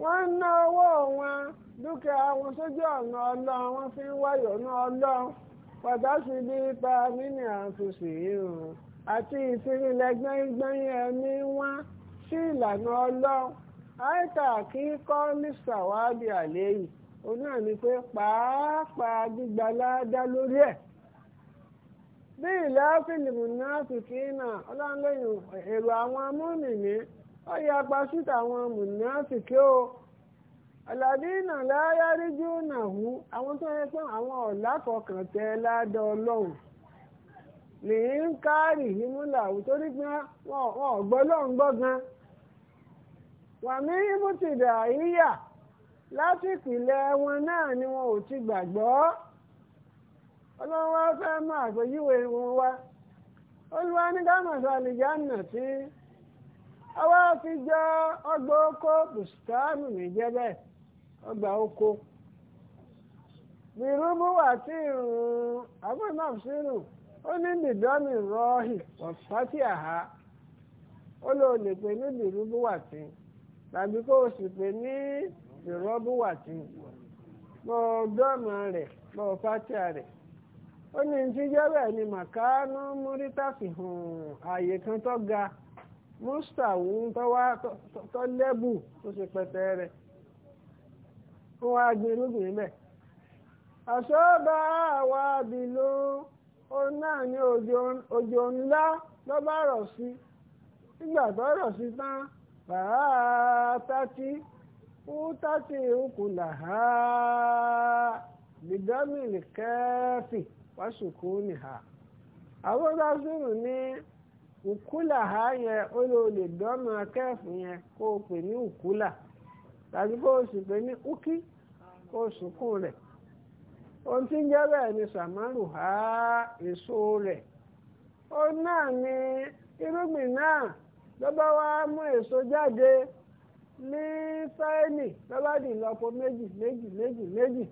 wọ́n ń ná owó wọn dúkìá wọn sójú ọ̀nà ọlọ́run wọ́n fi ń wáyọ̀ ọ̀nà ọlọ́run pàtàkì bí ipa mínì àtúnṣe ìrùn àti ìfirinlẹ̀ gbẹ́ngbẹ́ng ẹ̀mí wọn sí ìlànà ọlọ́run àìkà kí kọ́ mr wahab àléyìí. òun náà ni pé pàápàá gbígba ládá lórí ẹ̀ bí ìlà fílìmù náà sì kí ọlọ́nlẹ́yìn èrò àwọn amúnìní ó yẹ apá síta àwọn mùnáfìkì o ọ̀làdínà láyáríjú náà hù àwọn tó yẹ pé àwọn ọ̀là kọkàn tẹ ládá ọlọ́run lè ń kárì hímúlà torí pé wọn ò gbọ́ lọ́n gbọ́ gan wàmí hímú dà yíyà. láti ilé wọn náà ni wọn ò ti gbàgbọ́ ọlọ́run wá fẹ́ mọ àpèjúwe wọn wá olúwa ní dámọ̀sọ àlìjáàna tí ọwọ́ fi jọ ọgbà oko bùsùtánù bẹ́ẹ̀ ọgbà oko bìrúbù àti ìrùn abúlmọ̀sírù ó ní bìdọ́mì rọ́ọ̀hì ọ̀fátì àhá ó lò lè pè ní bìrúbù àti tàbí kó o sì pè ní. ìrọ́bù wà tí mọ ọgọ́mọ rẹ̀ mọ fátíà rẹ̀ ó ní tí jẹ́rẹ̀ ni màkánú múrítà fi hàn ààyè kan tó ga mustawu tó lẹ́bù tó ṣe pẹ̀tẹ́ rẹ̀ wọ́n á gbin irúgbìn bẹ́ẹ̀ àṣọ́bà wà bìlú òun náà ní òjò ńlá مؤتسع كلها بدم ha وسكونها àwọn rásùrù ha yẹn ó lò lè dọ́mọ kẹ́ẹ̀fù yẹn kó o pè ní ùkúlà o sì pè ní úkí kó o rẹ̀ ohun tí ń jẹ́ bẹ́ẹ̀ ni ha èso rẹ̀ ó náà ní irúgbìn náà ló wa mú èso jáde. ní sáínì lọ́bàdì ìlọ́po méjì méjì méjì méjì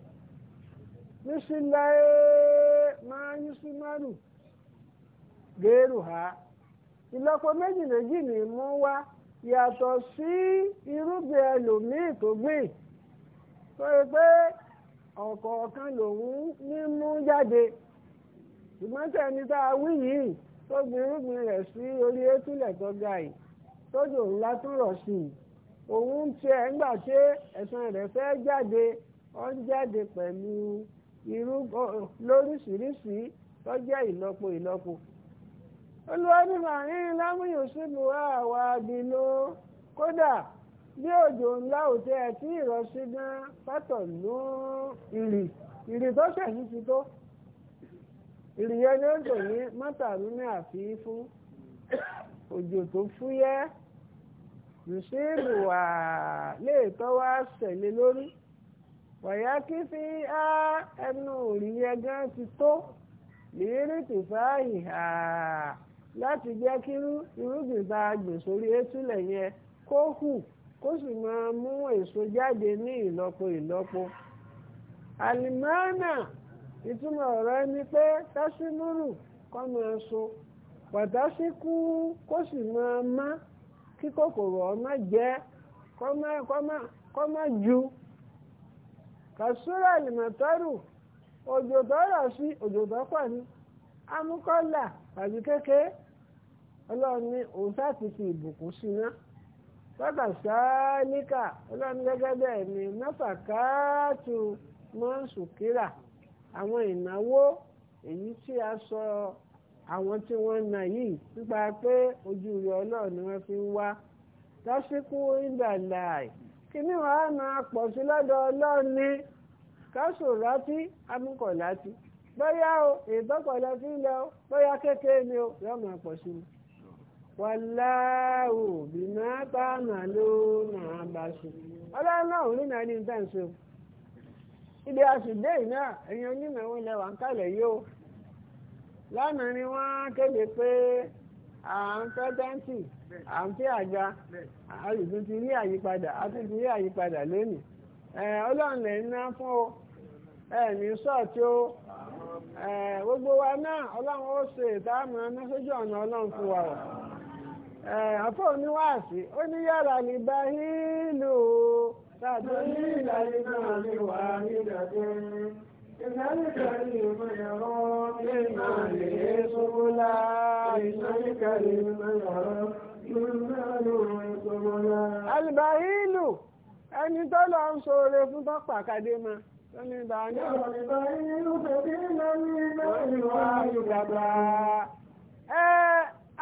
ní sílẹ̀ máa ń sí márùn géèrú ha ìlọ́po méjì méjì ní mú wá yàtọ̀ sí irúgbìn ẹlòmíì tó gbìn tó yẹ pé ọ̀kọ̀ọ̀kan lòun ní mú jáde ṣùgbọ́n tẹ̀mí tá a wí yìí tó gbin irúgbìn rẹ̀ sí orí étúlẹ̀ tó ga yìí tó jò ńlá tó rọ̀ sí i. òun ń tiẹ̀ ńgbà ṣe ẹ̀sán rẹ̀ jáde ó jáde pẹ̀lú irú lóríṣiríṣi tó jẹ́ ìlọ́po ìlọ́po. olùwádìmọ̀ yín lámúyò àwa bínú kódà bí òjò ńlá òtẹ́ tí ìrọsí ló ìrì ìrì tó ni ń tò ní ní àfi yòṣèlú wà léètọ́ wá ṣẹ̀lẹ̀ lórí wọ̀yá kí fi á ẹnu òrìyẹ gan ti tó lérí tìfá ìhà láti jẹ́ kí irúgbìn bá gbè sórí étúlẹ̀ yẹn kó hù kó sì máa mú èso jáde ní ìlọ́po ìlọ́po alimọ́nà ìtumọ̀ ọ̀rọ̀ ni pé tásímúrù kọ́ máa so pàtàsíkú kó sì máa kí kòkòrò ọmọ jẹ́ kọ́mọ ju kàṣúrà ìmọ̀tọ́rù òjò tó rọ̀ sí òjò tó pọ̀ ní amúkọ́là tàbí kékeré ọlọ́run ní ìbùkún sí iná bàbá sáálíkà ọlọ́run gẹ́gẹ́ bẹ́ẹ̀ ni mẹ́fà káàtù mọ́ǹsù kíra àwọn ìnáwó èyí tí a sọ àwọn tí wọ́n nà yìí nípa pé ojú rẹ̀ ọlọ́run ni wọ́n fi ń wá tásíkú ìgbàlà kíní wàá máa pọ̀ sí lọ́dọ̀ ọlọ́run ní kásòrátí amúkọ̀látí bóyá o ìbọ́kọ̀lá sí ilẹ̀ o bóyá kékeré ni o yóò máa pọ̀ sí mi. wàláwò bìnnà bá màá ló máa bá ṣe ọlọ́run náà ò rí náà ní ìtàn ṣe o ibi àṣìdé ìná ẹ̀yin onímọ̀ ìwọ̀n ilẹ̀ ń kálẹ̀ yìí o. lánàá ni wọ́n kéde pé à ń pẹ́tẹ́ǹtì à ń pẹ́ a ti rí àyípadà àtún ti rí àyípadà lónìí ọlọ́run lè o gbogbo wa náà ọlọ́run ó ṣe ìtààmù mẹ́sẹ́jì ọ̀nà ọlọ́run fún wa o oníwàásí ó ní yàrá lè bá o tàbí ní ìlànà ìgbà mi nígbà كذلك الكريم يرى من ماله سبلا كذلك الكريم يرى من ماله سبلا البهيل ẹni tó lọ ń ṣoore fún tó pàkàdé ma tó ní ìbá ní ẹ̀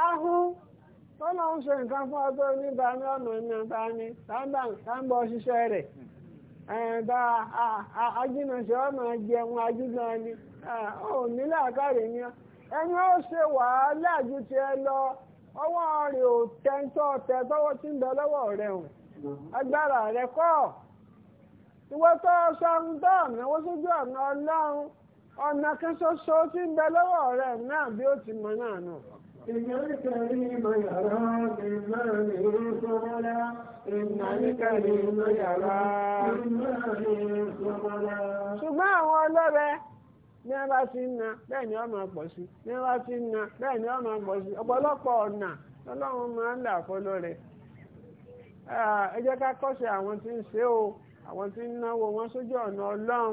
ahun tó lọ ọmọ ní ẹ̀ẹ̀dá ajínàṣẹ́ ọmọ jẹun ajúgbọ́n ni ọ ní làákàrẹ̀ ni ẹni ó ṣe wàhálà ju ti ẹ lọ ọwọ́ rẹ̀ ò tẹ́ńtọ́ tẹ tọ́wọ́ tí ń bẹ lọ́wọ́ rẹ̀ hùn agbára rẹ̀ kọ́ ìwọ tó ọ̀nà ọlọ́run ọ̀nà kan ṣoṣo tí ń bẹ lọ́wọ́ rẹ̀ náà bí ti mọ náà náà. الكريم يرى ممن سبلا إن الكريم يرى ممن سبلا ṣùgbọ́n àwọn ọlọ́rẹ̀ ní ẹ bá ti ń na bẹ́ẹ̀ ni ọmọ pọ̀ sí ní ẹ bá ti ń na bẹ́ẹ̀ ni ọmọ pọ̀ sí ọ̀pọ̀lọpọ̀ ọ̀nà ọlọ́run máa ń là fọlọ́ rẹ̀ ẹ ká kọ́ṣe àwọn tí ń ṣe o àwọn tí ń náwó wọn sójú ọ̀nà ọlọ́run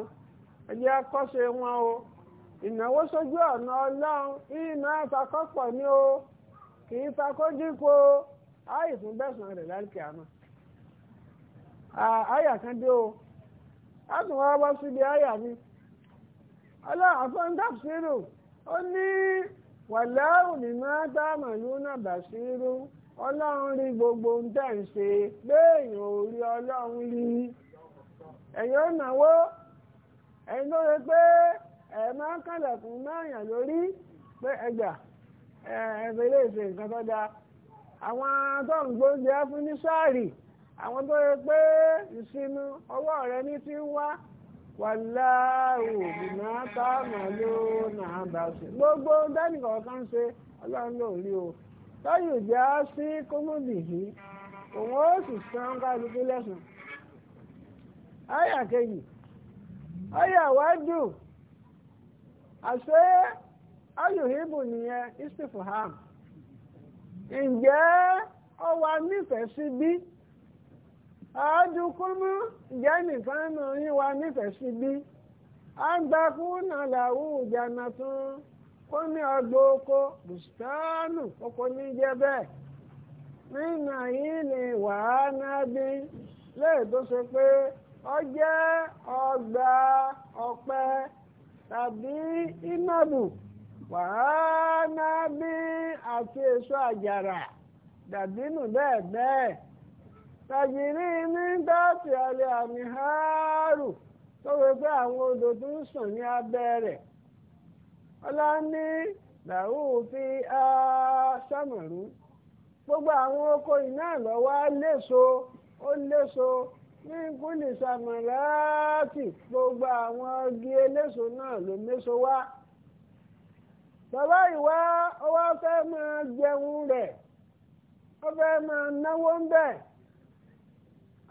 ẹ jẹ́ ká wọn o ìnáwó sójú ọ̀nà ọlọ́run ìmọ̀ àtakọ́pọ̀ ní o kì í takójípo fún bẹ̀sùn rẹ̀ lálùkì àmọ́ àyà kan dé o látùn wá wá síbi àyà mi ọlọ́run àfọ́ńdàbsírù ó ní ọlọ́run rí gbogbo ń tẹ̀ ń ṣe léèyàn ò rí ọlọ́run na kálẹ̀kùn máàyàn lórí pé ẹgbà ẹ̀fẹ̀ lè ṣe nǹkan tó dáa àwọn tó ń gbóúnjẹ fún ní sáàrì àwọn tó pé ìsinmi rẹ ní ti ń wá wàláhù bìnà táàmà ló náà bá ṣe gbogbo dání kọ̀ọ̀kan ṣe ọlọ́run ló o lọ́yìn ìjà sí kómùdì yìí òun ó sì san kálukú lẹ́sàn-án. kejì wájú. a ayùhíbù nìyẹn ibu ǹjẹ́ ó wà nífẹ̀ẹ́ sí bí àádùkúmú ǹjẹ́ nìkan nù yín wà nífẹ̀ẹ́ sí bí àgbàkú nàlàwù ìjànà tún kó ní ọgbọ oko bùsùtánù oko ní jẹ bẹ́ẹ̀ nínú yìí ni wàhánà bí lẹ́yìn tó pé ó ọgbà tàbí inabu bí àti èso àjàrà dàbínú bẹ́ẹ̀ bẹ́ẹ̀ tàjìrí ní dáàtì alẹ́ àmì háàrù tó wé pé àwọn odò tó ń sàn ní abẹ́ rẹ̀ ọlá ní làwù fi á sàmọ̀rú gbogbo àwọn oko iná lọ́wọ́ léso ó léso ní kúndì sàmùláàtì gbogbo àwọn ọgí eléso náà ló méso wá bàbá ìwá ọwọ́ fẹ́ máa jẹun rẹ̀ ó fẹ́ máa náwó ń bẹ̀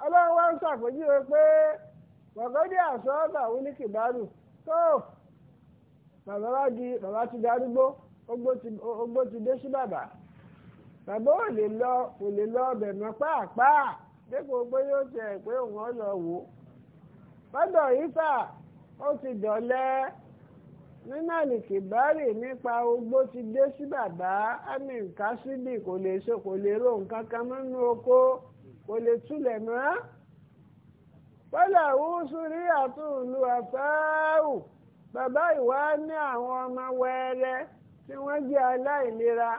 ọlọ́run wá ń ṣàpèjúwe pé bàbáde àsọ́ọ́bà òun ní kìbárù tó bàbá wá di bàbá ti darúgbó ogbó ti dé sí bàbá bàbá ò lè lọ ọbẹ̀ mọ́ pàápàá. dípò pé yóò tẹ̀ pé òun ọ lọ wò lọ́dọ̀ yífà ó ti dọ̀lẹ́ nínú àlìkì bárì nípa ogbó ti dé sí bàbá àmì nǹkan síbì kò lè so kò lè ro nǹkan kan nínú oko kò lè túlẹ̀ mọ́ pẹ́lẹ́wú súrí àtúnlù àfáàwù bàbá ìwá ní àwọn ọmọ wẹ́rẹ́ tí wọ́n jẹ́ aláìlera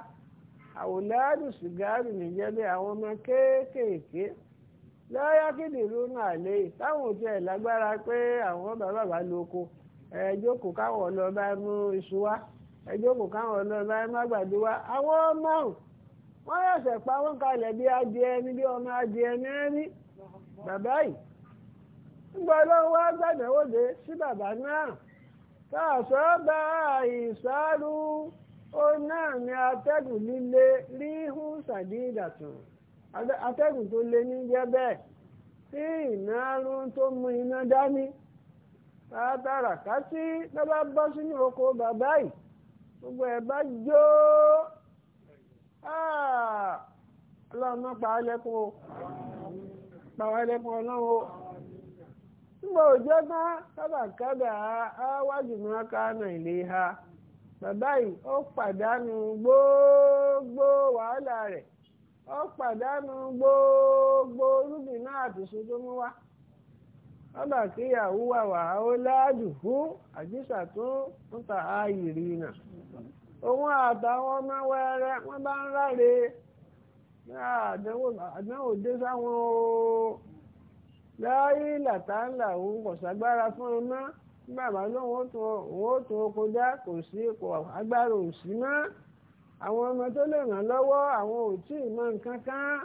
àwòlẹ́rù sìgárì nìjẹ́bẹ̀ àwọn ọmọ kéékèèké. lọ́yọ́ kìdìrú náà lè táwọn òjò ẹ̀ lágbára pé àwọn bàbá bàbá lóko ẹ jókòó káwọn bá mú iṣu wá ẹ jókòó káwọn ọlọ́ba mú àgbàdo wá àwọn ọmọ wọn yọ̀sẹ̀ pa wọn kalẹ̀ bí adìẹ ní bí ọmọ adìẹ ní ẹni. bàbá yìí nígbà ọlọ́run wá gbàdánwò sí bàbá náà káàsọ́ bá ìsáàlú ó náà ní atẹ́gùn líle ríhùn sàdídàtún. atẹ́gùn tó lé ní jẹ́ bẹ́ẹ̀ tí iná arún tó mú iná dání tààtàrà ká sí lọ́ba bọ́ sínú oko bàbá yìí gbogbo ẹ̀ bá jó ah! ọlọ́run pa á lẹ́kùn o pa wá lẹ́kùn ọlọ́run o nígbà òjò tán kábàkábà á wájú mọ́ kánà ilé ha bàbá yìí ó pàdánù gbogbo wàhálà rẹ̀. ọ pàdánù gbogbo rúbì náà àtúnṣe tó mú wá ọba kíyàwó wà wà ó láàjù fún àjíṣà tó ń ta ààyè rí àtàwọn ọmọ wẹrẹ wọ́n bá ń ráre àdánwò dé sáwọn fún mọ́ bàbá lóun ó kò sí agbára òsì àwọn ọmọ tó lè ràn lọ́wọ́ àwọn ò tí ì nǹkan kan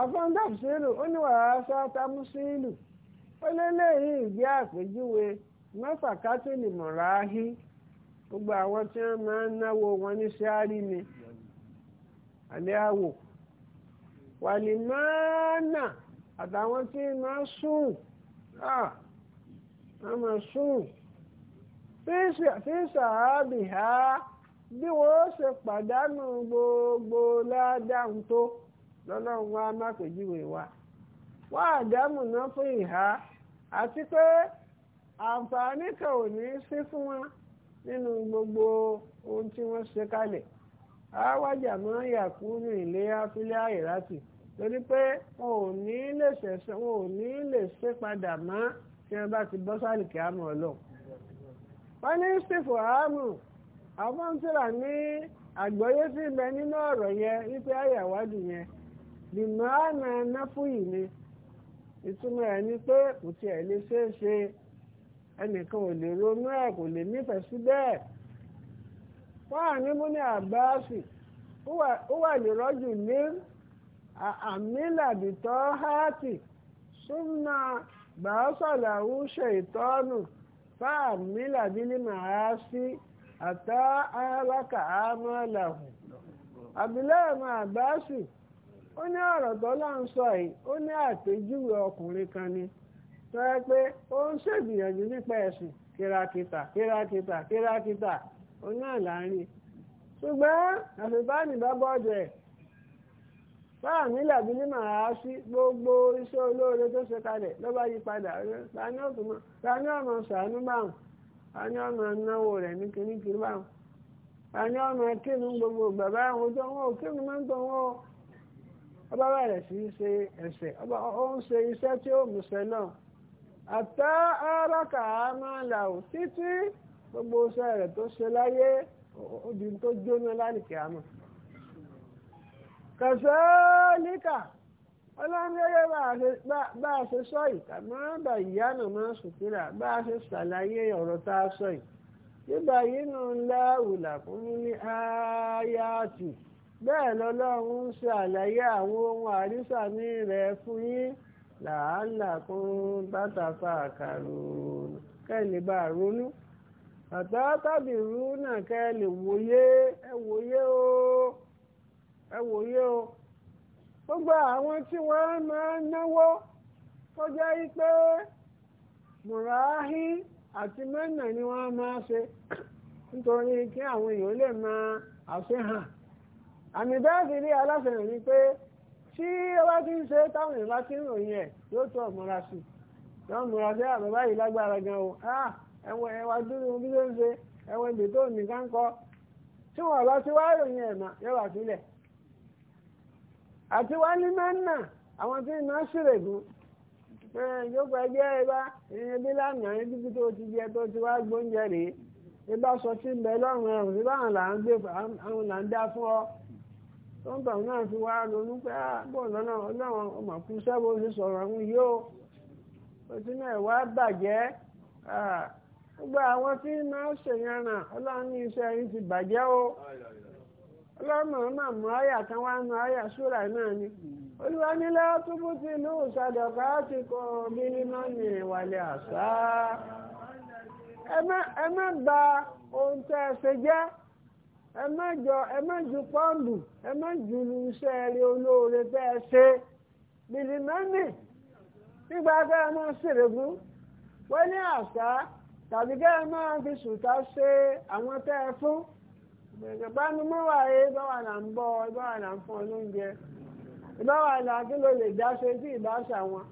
afọ́ńdàbùsílù ó ní wàhálà sọ́tàmùsílù ó lélẹ́yìn ìgbé àpèjúwe mẹ́fà kátìlì mọ̀ráhí gbogbo àwọn tí wọ́n máa ń náwó wọn ní sáárì ni àlẹ́ àwò àtàwọn tí máa sùn wọ́n máa sùn fíìsà bí wọ́n ṣe pàdánù gbogbo ládàá tó lọ́lọ́run wá má pèjúwe wa wá àdámù náà fún ìhá àti pé àǹfààní kan ò ní sí fún wọn nínú gbogbo ohun tí wọ́n ṣe kalẹ̀ àwájà máa ń yà kú ní ilé afílẹ̀ àìrátì torí pé wọn ò ní lè ṣẹ̀ṣẹ̀ wọn ò ní lè ṣe padà mọ́ tí wọ́n bá ti bọ́ sálì kí ọlọ́run wọ́n ní sífò àámù àfọ́nsíra ní àgbọ́yé sí ibẹ̀ nínú ọ̀rọ̀ yẹn wípé àyàwádì yẹn dìmọ́ àna náfúyì ni ìtumọ̀ ẹ̀ ni pé kò tiẹ̀ lè ṣeé ṣe ẹnìkan ò lè ronú ẹ̀ kò lè nífẹ̀ẹ́ sí bẹ́ẹ̀ wọ́n ní mú àbáàsì ó wà lè rọ́jù ní àmìlàbìtọ́ háàtì súnmọ́ bàásọ̀làwù ṣe si. àtà aráka àmàlàhùn àbílẹ̀ máa bá sù ó ní ọ̀rọ̀ tó là ń yìí ó ní ọkùnrin kan ni tó yẹ pé ó ń ṣègbìyànjú nípa ẹ̀sìn kírakítà kírakítà kírakítà ó náà láàrin ṣùgbọ́n àfipáàní bá bọ́ọ̀dẹ̀ báà nílẹ̀ abílí màá sí gbogbo iṣẹ́ olóore tó ṣe kalẹ̀ ló bá yí padà rẹ̀ ta ọ̀mọ̀ báwọn àní ọmọ náwó rẹ̀ ní kíní kiri báwọn àní ọmọ kínú gbogbo bàbá àwọn ojú wọn ò kínú máa ń tọ wọn ọba bẹ̀rẹ̀ sí í ṣe ẹ̀ṣẹ̀ ó ń ṣe iṣẹ́ tí ó mùṣẹ́ náà àtọ́ ọ́rọ́kà máa là ó títí gbogbo iṣẹ́ rẹ̀ tó ṣe láyé odi tó jóná lálìkẹ́ àmọ́ kẹsàn-án ọlọ́run gẹ́gẹ́ bá a ṣe sọ ìka máa bà ìyá náà máa sùkúrà bá a ṣe ṣàlàyé ọ̀rọ̀ tá a sọ yìí nígbà yìí nù ńlá wùlà fún mi ní ááyáàtì bẹ́ẹ̀ lọ́lọ́run ń àwọn ohun rẹ̀ fún yín làálà bàtàfà àkàrò kẹ́lẹ̀ bá ronú bàtà rú náà kẹ́lẹ̀ wòye ẹ wòye o o. gbogbo àwọn tí wọ́n máa ń náwó tó jẹ́ pé àti mẹ́nà ni wọ́n máa ṣe nítorí kí àwọn èèyàn lè máa àṣehàn àmì bẹ́ẹ̀ rí aláṣẹ̀yàn ni pé tí ó bá ti ń ṣe táwọn èèyàn bá ti ń ròyìn ẹ̀ yóò tó ọ̀mọ́ra sí yóò múra sí lágbára gan o ah, dúró bí ó ń ṣe ìgbè tó àti wá ní mẹ́nà àwọn tí iná ṣìrè gùn ìjókòó ẹgbẹ́ ẹgbá ìrìn bí lánàá ní títí tó ti jẹ tó ti wá gbóúnjẹ rèé ibà sọ tí ń bẹ lọ́rùn ẹ̀rùn nígbà àwọn là ń gbé àwọn là ń dá fún ọ tó ń tọ̀ náà fi wá ronú pé ah, bóun lọ́nà ọlọ́run ọmọ kú sẹ́wọ́ ló sọ̀rọ̀ ọ̀hún yìí ó oṣù náà wá bàjẹ́ ah, gbogbo àwọn tí iná ṣèyànnà ọlọ́run ní iṣẹ́ yìí ti bàjẹ́ o ọlọ́mọ ọmọ mọ àyà kan wá mọ àyà ṣúra náà ni olúwa nílẹ̀ túbú ti ìlú ṣàdọ̀ká ti kọ bílímọ́nì ìwàlẹ̀ àṣà ẹ má gba ohun tẹ́ ẹ ṣe jẹ́ ẹ má jọ ẹ má ju pọ́ǹdù ẹ má ju iṣẹ́ rí olóore tẹ́ ẹ ṣe bílímọ́nì nígbà tẹ́ ẹ mọ́ ṣèrègún wọ́n ní àṣà tàbí kẹ́ ẹ máa fi tẹ́ ẹ ìgbàgbọ́ wà é ìbáwà là ń bọ́ ìbáwà là ń fún ọ lóúnjẹ ìbáwà là kí ló lè dáṣe tí ìbáṣà wọn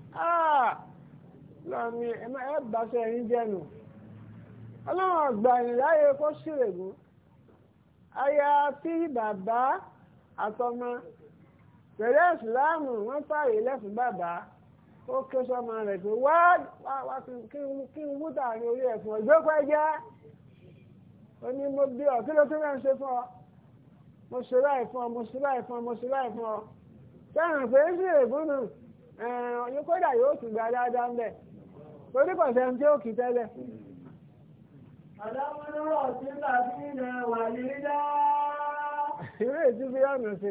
lọ́ọ̀mí ẹ báṣọ ẹ̀yìn jẹ́nu ọlọ́run kó bàbá àtọmọ pẹ̀lú ìsìláàmù wọ́n bàbá ó ké rẹ̀ wá kí n orí ó mo bí ọ kí ló ń ṣe fún ọ mo ṣe láì fún ọ mo ṣe láì fún ọ mo ṣe láì fún ọ sẹ́yìn pé ń sì ègúnnù ẹ̀ẹ́n kódà yóò tún gba dáadáa ń bẹ̀ torí kò sẹ́ni tí ó kì tẹ́lẹ̀. àdámúlò ọ̀sìn tàbí ilẹ̀ wà ní dá. ìrètí fi ọ̀nà sí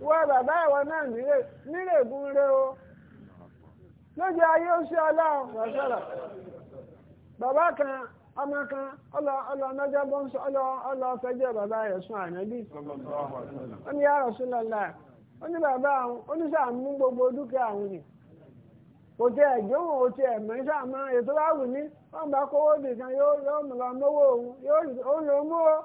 wọ bàbá ìwọ náà nílé nílé gúnre o lójú ayé ó ṣe ọlọ́run bàbá kan ọmọ kan ọlọ́ọ̀nàjọ́ ń sọ ọlọ́ọ̀fẹ́jọ́ bàbá rẹ̀ ó ní yàrá ó ní bàbá àwọn gbogbo dúkìá àwọn kò tí ẹ̀ jóhùn ó ètò ní wọ́n bá kówó yóò òun yóò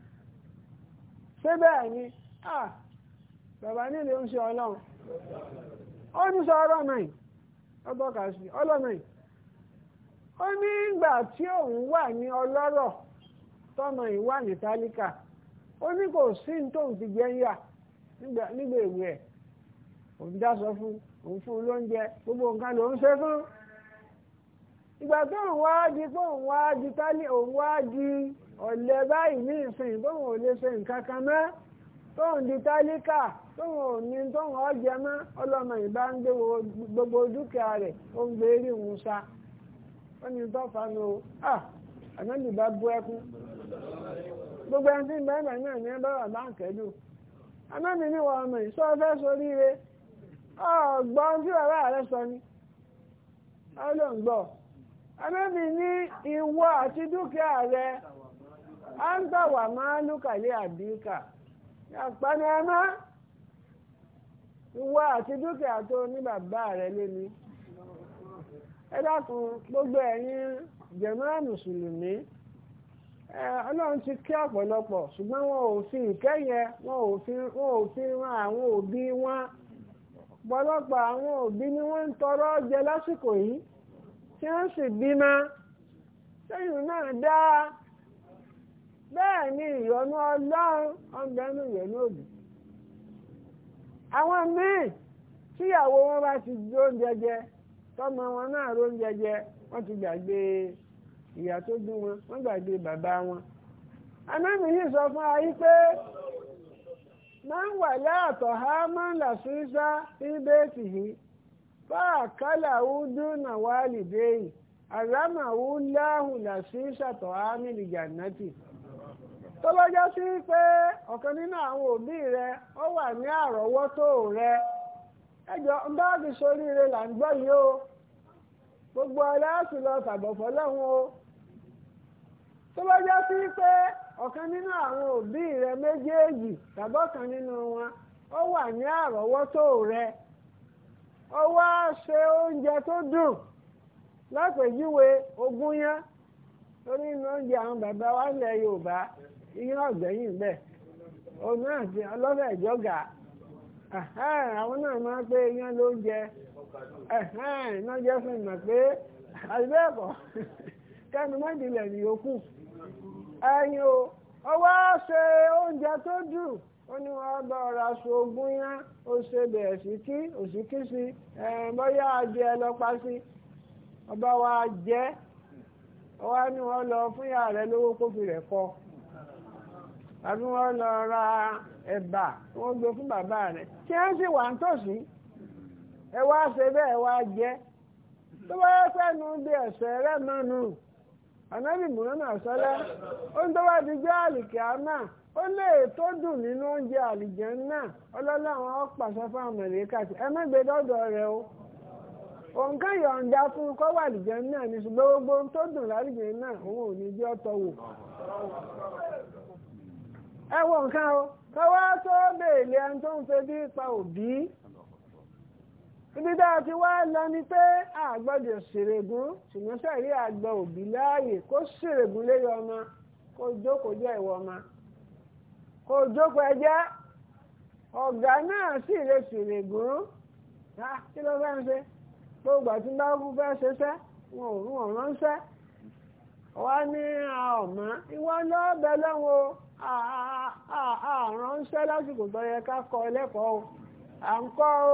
ṣé bẹ́ẹ̀ ni bàbá nílé ń ọlọ́run ó ní sọ ọlọ́nà ọgbọ́ka sí ó ní ìgbà tí òun wà ní ọlọ́rọ̀ tọ́mọ yìí ní tálíkà ó ní kò sí tóun ti jẹ́ yà nígbà èwe ẹ̀ òun dáṣọ fún òun fún un gbogbo nǹkan ló ń ṣe fún ìgbà tóun wá di di tálí òun di. ọ̀lẹ báyìí ní ìsìn tóun ò lè ṣe nǹkan kan mọ́ tóun di tálíkà tóun ò ní tóun ọ̀jẹ̀ mọ́ ọlọ́mọ ìbá ń gbé gbogbo dúkẹ́ rẹ̀ ó ń gbé rí òun sa ó tọ́fà gbogbo ẹni bẹ́ẹ̀ náà ní ànábì ní wọ́n ọmọ ìṣọ́ fẹ́ soríire sọ ni ànábì ní ìwọ àti anta wa maluka li abika àpáni ẹmá ìwọ àti dúkìá tó ní bàbá rẹ leni. ẹ dákun gbogbo ẹ̀yin jẹ̀mọ́rà mùsùlùmí ọlọ́run ti kí ọ̀pọ̀lọpọ̀ ṣùgbọ́n wọn ò fi ìkẹ́yẹ wọn ò fi wọn àwọn òbí wọn ọ̀pọ̀lọpọ̀ àwọn òbí ni wọ́n ń tọrọ jẹ lásìkò bẹ́ẹ̀ ni ìyọnú ọlọ́run ọ̀gbẹ́nu ìyọnú òbí àwọn míì tíyàwó wọn bá ti di oúnjẹ jẹ tọmọ wọn náà rí oúnjẹ jẹ wọn ti gbàgbé ìyá tó bí wọn wọn gbàgbé bàbá wọn anáàmì yìí sọ fún ayé pé máa ń wà láàtọ̀ ha máa ń là sísá fáà kálà ó àrámà ó láhùn là tọ̀ tó bá jẹ́ sí pé ọ̀kan nínú àwọn òbí rẹ ó wà ní àrọ́wọ́tó rẹ ẹjọ́ ń bá ti soríire là ń gbọ́ yìí o gbogbo aláàsì lọ sàgbọ̀fọ́ lọ́hùn o sí pé ọ̀kan rẹ méjèèjì nínú wọn ó wà ní rẹ ṣe oúnjẹ tó dùn lápèjúwe ogún yẹn inú oúnjẹ àwọn wa ń lẹ iye ọ̀gbẹ́yìn bẹ́ẹ̀ òun náà ti ọlọ́bẹ̀ ìjọga àwọn náà máa pé iyán ló ń jẹ iná jẹ́ fún ìmọ̀ pé àìbẹ́ẹ̀kọ́ kẹ́nu mọ́jìlẹ̀ ní o ṣe oúnjẹ tó dùn bá aṣọ ó ẹ sí ọba wa ni lọ fún yàrá rẹ lówó kọ́. àbí wọ́n lọ ra ẹ̀bà wọ́n gbé fún bàbá rẹ̀ tí wọ́n sì wà ń ẹ wá ṣe bẹ́ẹ̀ wá jẹ́ tó bá yẹ fẹ́nu bí ẹ̀sẹ̀ rẹ̀ mọ́nu ànábì ó ń tó bá jẹ́ ó lè tó dùn nínú oúnjẹ àlìjẹ́ náà ọlọ́lá àwọn ọ̀pàṣẹ fún àwọn tí ẹ má dọ́dọ̀ rẹ o òǹkà yọ̀ǹda fún kọ́ wà náà ẹwọ nǹkan o káwá tó béèlè ẹni tó ń febí pa òbí ibi dáa ti wá lọ ní pé àgbọ́dọ̀ ṣèrègùn ṣùgbọ́n sẹ́rí òbí láàyè kó lé ọmọ kó jókòó ìwọ ọmọ kó ẹjẹ́ ọ̀gá náà sì lè kí ló fẹ́ ń ṣe bá fẹ́ wọn ò rún àránṣẹ́ lásìkò tó yẹ ká kọ ẹlẹ́kọ̀ọ́ o à ń kọ́ o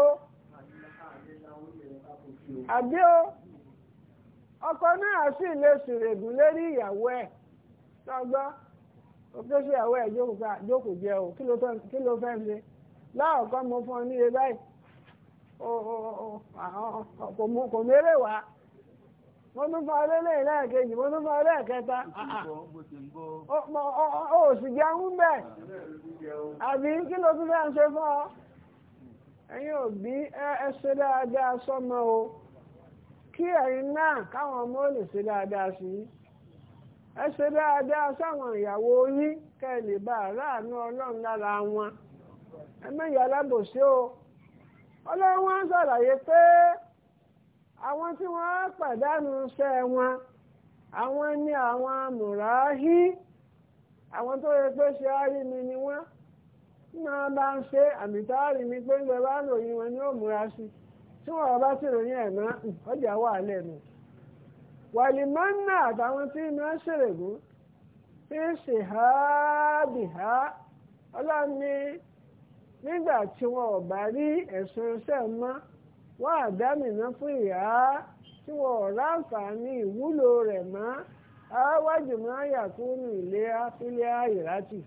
àbí o ọkọ náà sì lè sùrègùn lérí ìyàwó ẹ̀ tọ́gbọ́ òkè sí ìyàwó ẹ̀ jókòó jẹ́ o kí ló fẹ́ ṣe láàkọ́ mo fún ọ níye báyìí kò mérè wá. wọ́n tún fa ọlẹ́lẹ́ ìlẹ́ẹ̀kejì wọ́n tún fa ọlẹ́ẹ̀kẹta ó sì jẹun àbí kí ló tún fẹ́ ṣe fún ọ ẹ̀yin òbí ẹ dáadáa sọ́mọ o kí ẹ̀yin náà káwọn ọmọ ò ṣe dáadáa sí ẹ dáadáa sáwọn ìyàwó yín kẹ́ lè bá àráàánú ọlọ́run lára wọn ẹ alábòsí o ọlọ́run wọn ṣàlàyé pé. àwọn tí wọ́n pàdánù iṣẹ́ wọn àwọn ní àwọn mùráhí àwọn tó yẹ pé ṣe árí mi ni wọ́n náà bá ń ṣe àmì táàrí mi pé ìgbẹ́ bá ròyìn wọn ni ó múra sí tí wọ́n bá sì ròyìn ẹ̀ náà ọjà wà lẹ́nu wàlìmọ́nà àtàwọn tí iná ṣèrègùn fi ṣe há bì há ọlọ́ni nígbà tí wọn ò bá rí ẹ̀sùn iṣẹ́ mọ́ wọ́n àdámìná fún ìyá tí wọ́n ráǹfààní ìwúlò rẹ̀ mọ́ àwájú máa yàkúnú ilé afílé àyèrátì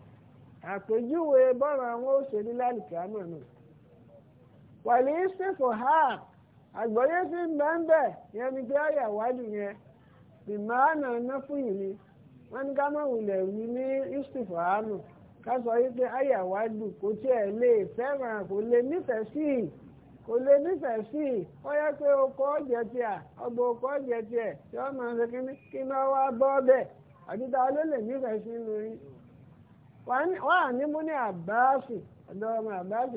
àpèjúwe bọ́ra wọn ó ṣe ní lálùkàmọ̀ náà wàlẹ́ ha àgbọ̀yé sí bẹ́ńbẹ́ yẹn ni pé àyàwádìí yẹn ìmáànà ná fún ní ká má wulẹ̀ wí ní ká sọ yìí pé kò lè fẹ́ràn kò lè o lè nífẹ̀ẹ́ sí i ó yẹ pé ọkọ̀ ọ̀jẹ̀ tiẹ̀ ọgbà ọkọ̀ ọ̀jẹ̀ tiẹ̀ tí wọ́n máa ń ṣe kíní kí máa wá bọ́ bẹ́ẹ̀ àdídá ló lè nífẹ̀ẹ́ sí inú rí wà ní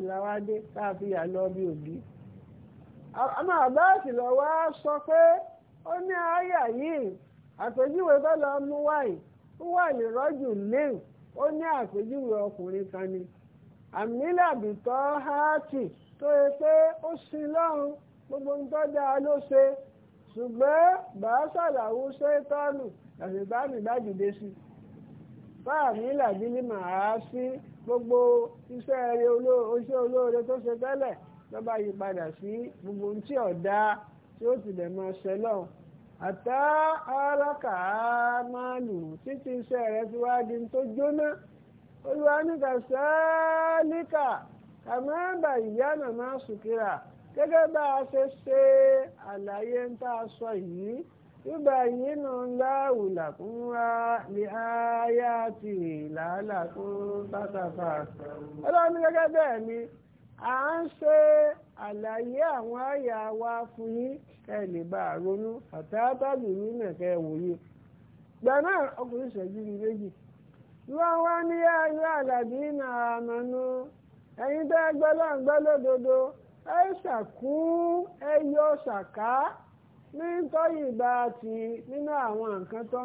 Lawade a fi yà lọ bí òbí ọmọ àbáàsì lọ wá sọ pé ó ní àyà yìí àpèjúwe tó lọ mú wáyé ó wà ní rọ́jù léwu ó ní àpèjúwe ọkùnrin kan ni àmì tó yẹ pé ó sin lọ́run gbogbo ń tọ́jà ló ṣe ṣùgbọ́n bàásàlàwò ṣẹ́tọ́nù àṣìbámi bá dìde sí fáàmì làbí ní màá sí gbogbo iṣẹ́ eré oṣẹ́ olóore tó ṣe tẹ́lẹ̀ ló bá yí padà sí gbogbo ohun tí ọ̀dá tí ó ti dẹ̀ mọ́ ṣẹ lọ́hùn àtá alákà máa lù títí iṣẹ́ rẹ̀ ti wá di tó jóná olùwà níkà kàmá bàyá nàmá sùkìrà gẹ́gẹ́ bá a ṣe ṣe àlàyé ń tá a sọ yìí yúbà yìí nù láwù làkún wá ní ayá ti làálàkún pátápá ọlọ́run gẹ́gẹ́ bẹ́ẹ̀ ni à ń ṣe àlàyé àwọn àyà wa fún yín ẹ lè bá a ronú àtàtàbí yìí nìkẹ́ wòye gbà náà ọkùnrin ṣẹ́jú méjì wọ́n wá ní ayọ̀ àlàbí náà mọ́nú. ẹ̀yin tẹ́ gbẹ́ lọ́n gbẹ́ lódodo ẹ ṣàkú ẹ ṣàká ní nínú àwọn nǹkan tó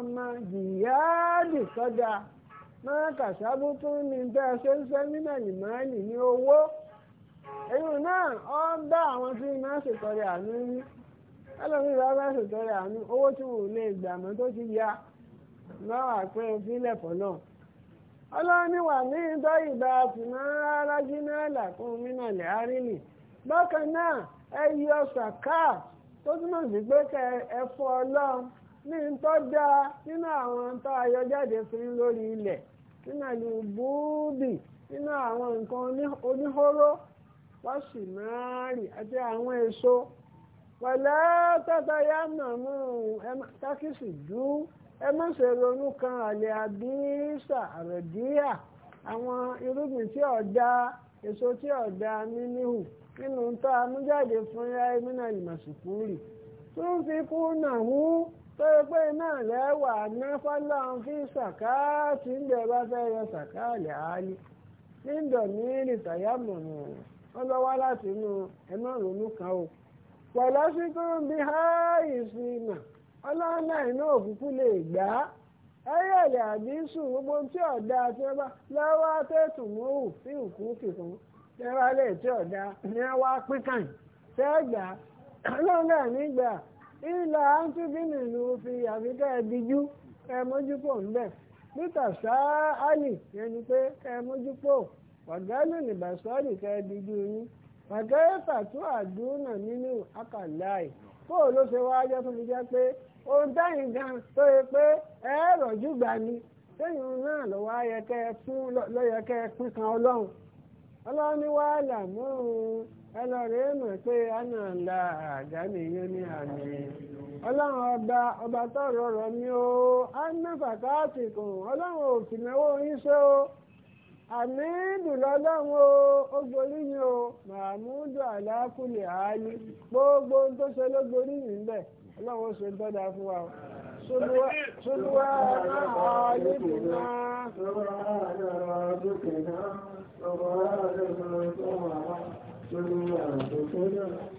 jìyáàdì sọ́jà máa kàṣábù tún ní tẹ́ ṣe ń ṣe ní owó náà bá àwọn tí máa àánú rí ẹlòmíì bá bá àánú owó tí wọn ò lè tó ti ya náà àpẹ́ pọ̀ ọlọ́ni wà ní ìjọ ìgbà àtìmọ́ra rájínàlà fún mínàlẹ̀ àrílì bákan náà ẹ yọ káà tó túmọ̀ sí pé kẹ ẹ ọlọ́run ní tó dá nínú àwọn tó ayọjáde fún lórí ilẹ̀ búùbì nínú àwọn nǹkan oníhóró emese má ṣe kan àlẹ́ àbíṣà àròdíyà àwọn irúgbìn tí ọ̀dà èso tí ọ̀dà níníhù nínú tó amújáde fún ẹ́mínà ìmọ̀sùkúrì tó ń fi kú nàhú tó yẹ pé náà lẹ́wà náfàlà ń fi sàkáàtì ń bẹ̀rẹ̀ bá fẹ́ yọ sàkáàlì o bi háàyè sí ọlọ́ọ̀lá iná òkùnkùn lè gbá ẹ̀yẹ̀lẹ̀ àbí sùn gbogbo tí ọ̀dà tí wọ́n bá lọ́wọ́ tẹ̀sùn mọ́wù sí ìkú kìkún lẹ́wọ́ lẹ̀ tí ọ̀dà ní wá pínkàn tẹ́ gbà ọlọ́ọ̀lá nígbà fi áyì pé yín ọ̀gá ẹ̀fà tó àdúrà nínú ṣe wáyé ohun tẹ́yìn gan tó yẹ pé ẹ gbà ni tẹ́yìn náà lọ́wọ́ fún lọ́yẹkẹ́ pín ọlọ́run ọlọ́run pé àná la ní àmì ọlọ́run ọba ọba ọ̀rọ̀ ni o àná kan ọlọ́run ò yín ṣe àmì dùlọ́lọ́run ó yín màmúdù gbogbo ọlọ́run ó ṣe ń tọ́jà fún wa ṣolúwa náà níbi náà. Thank you.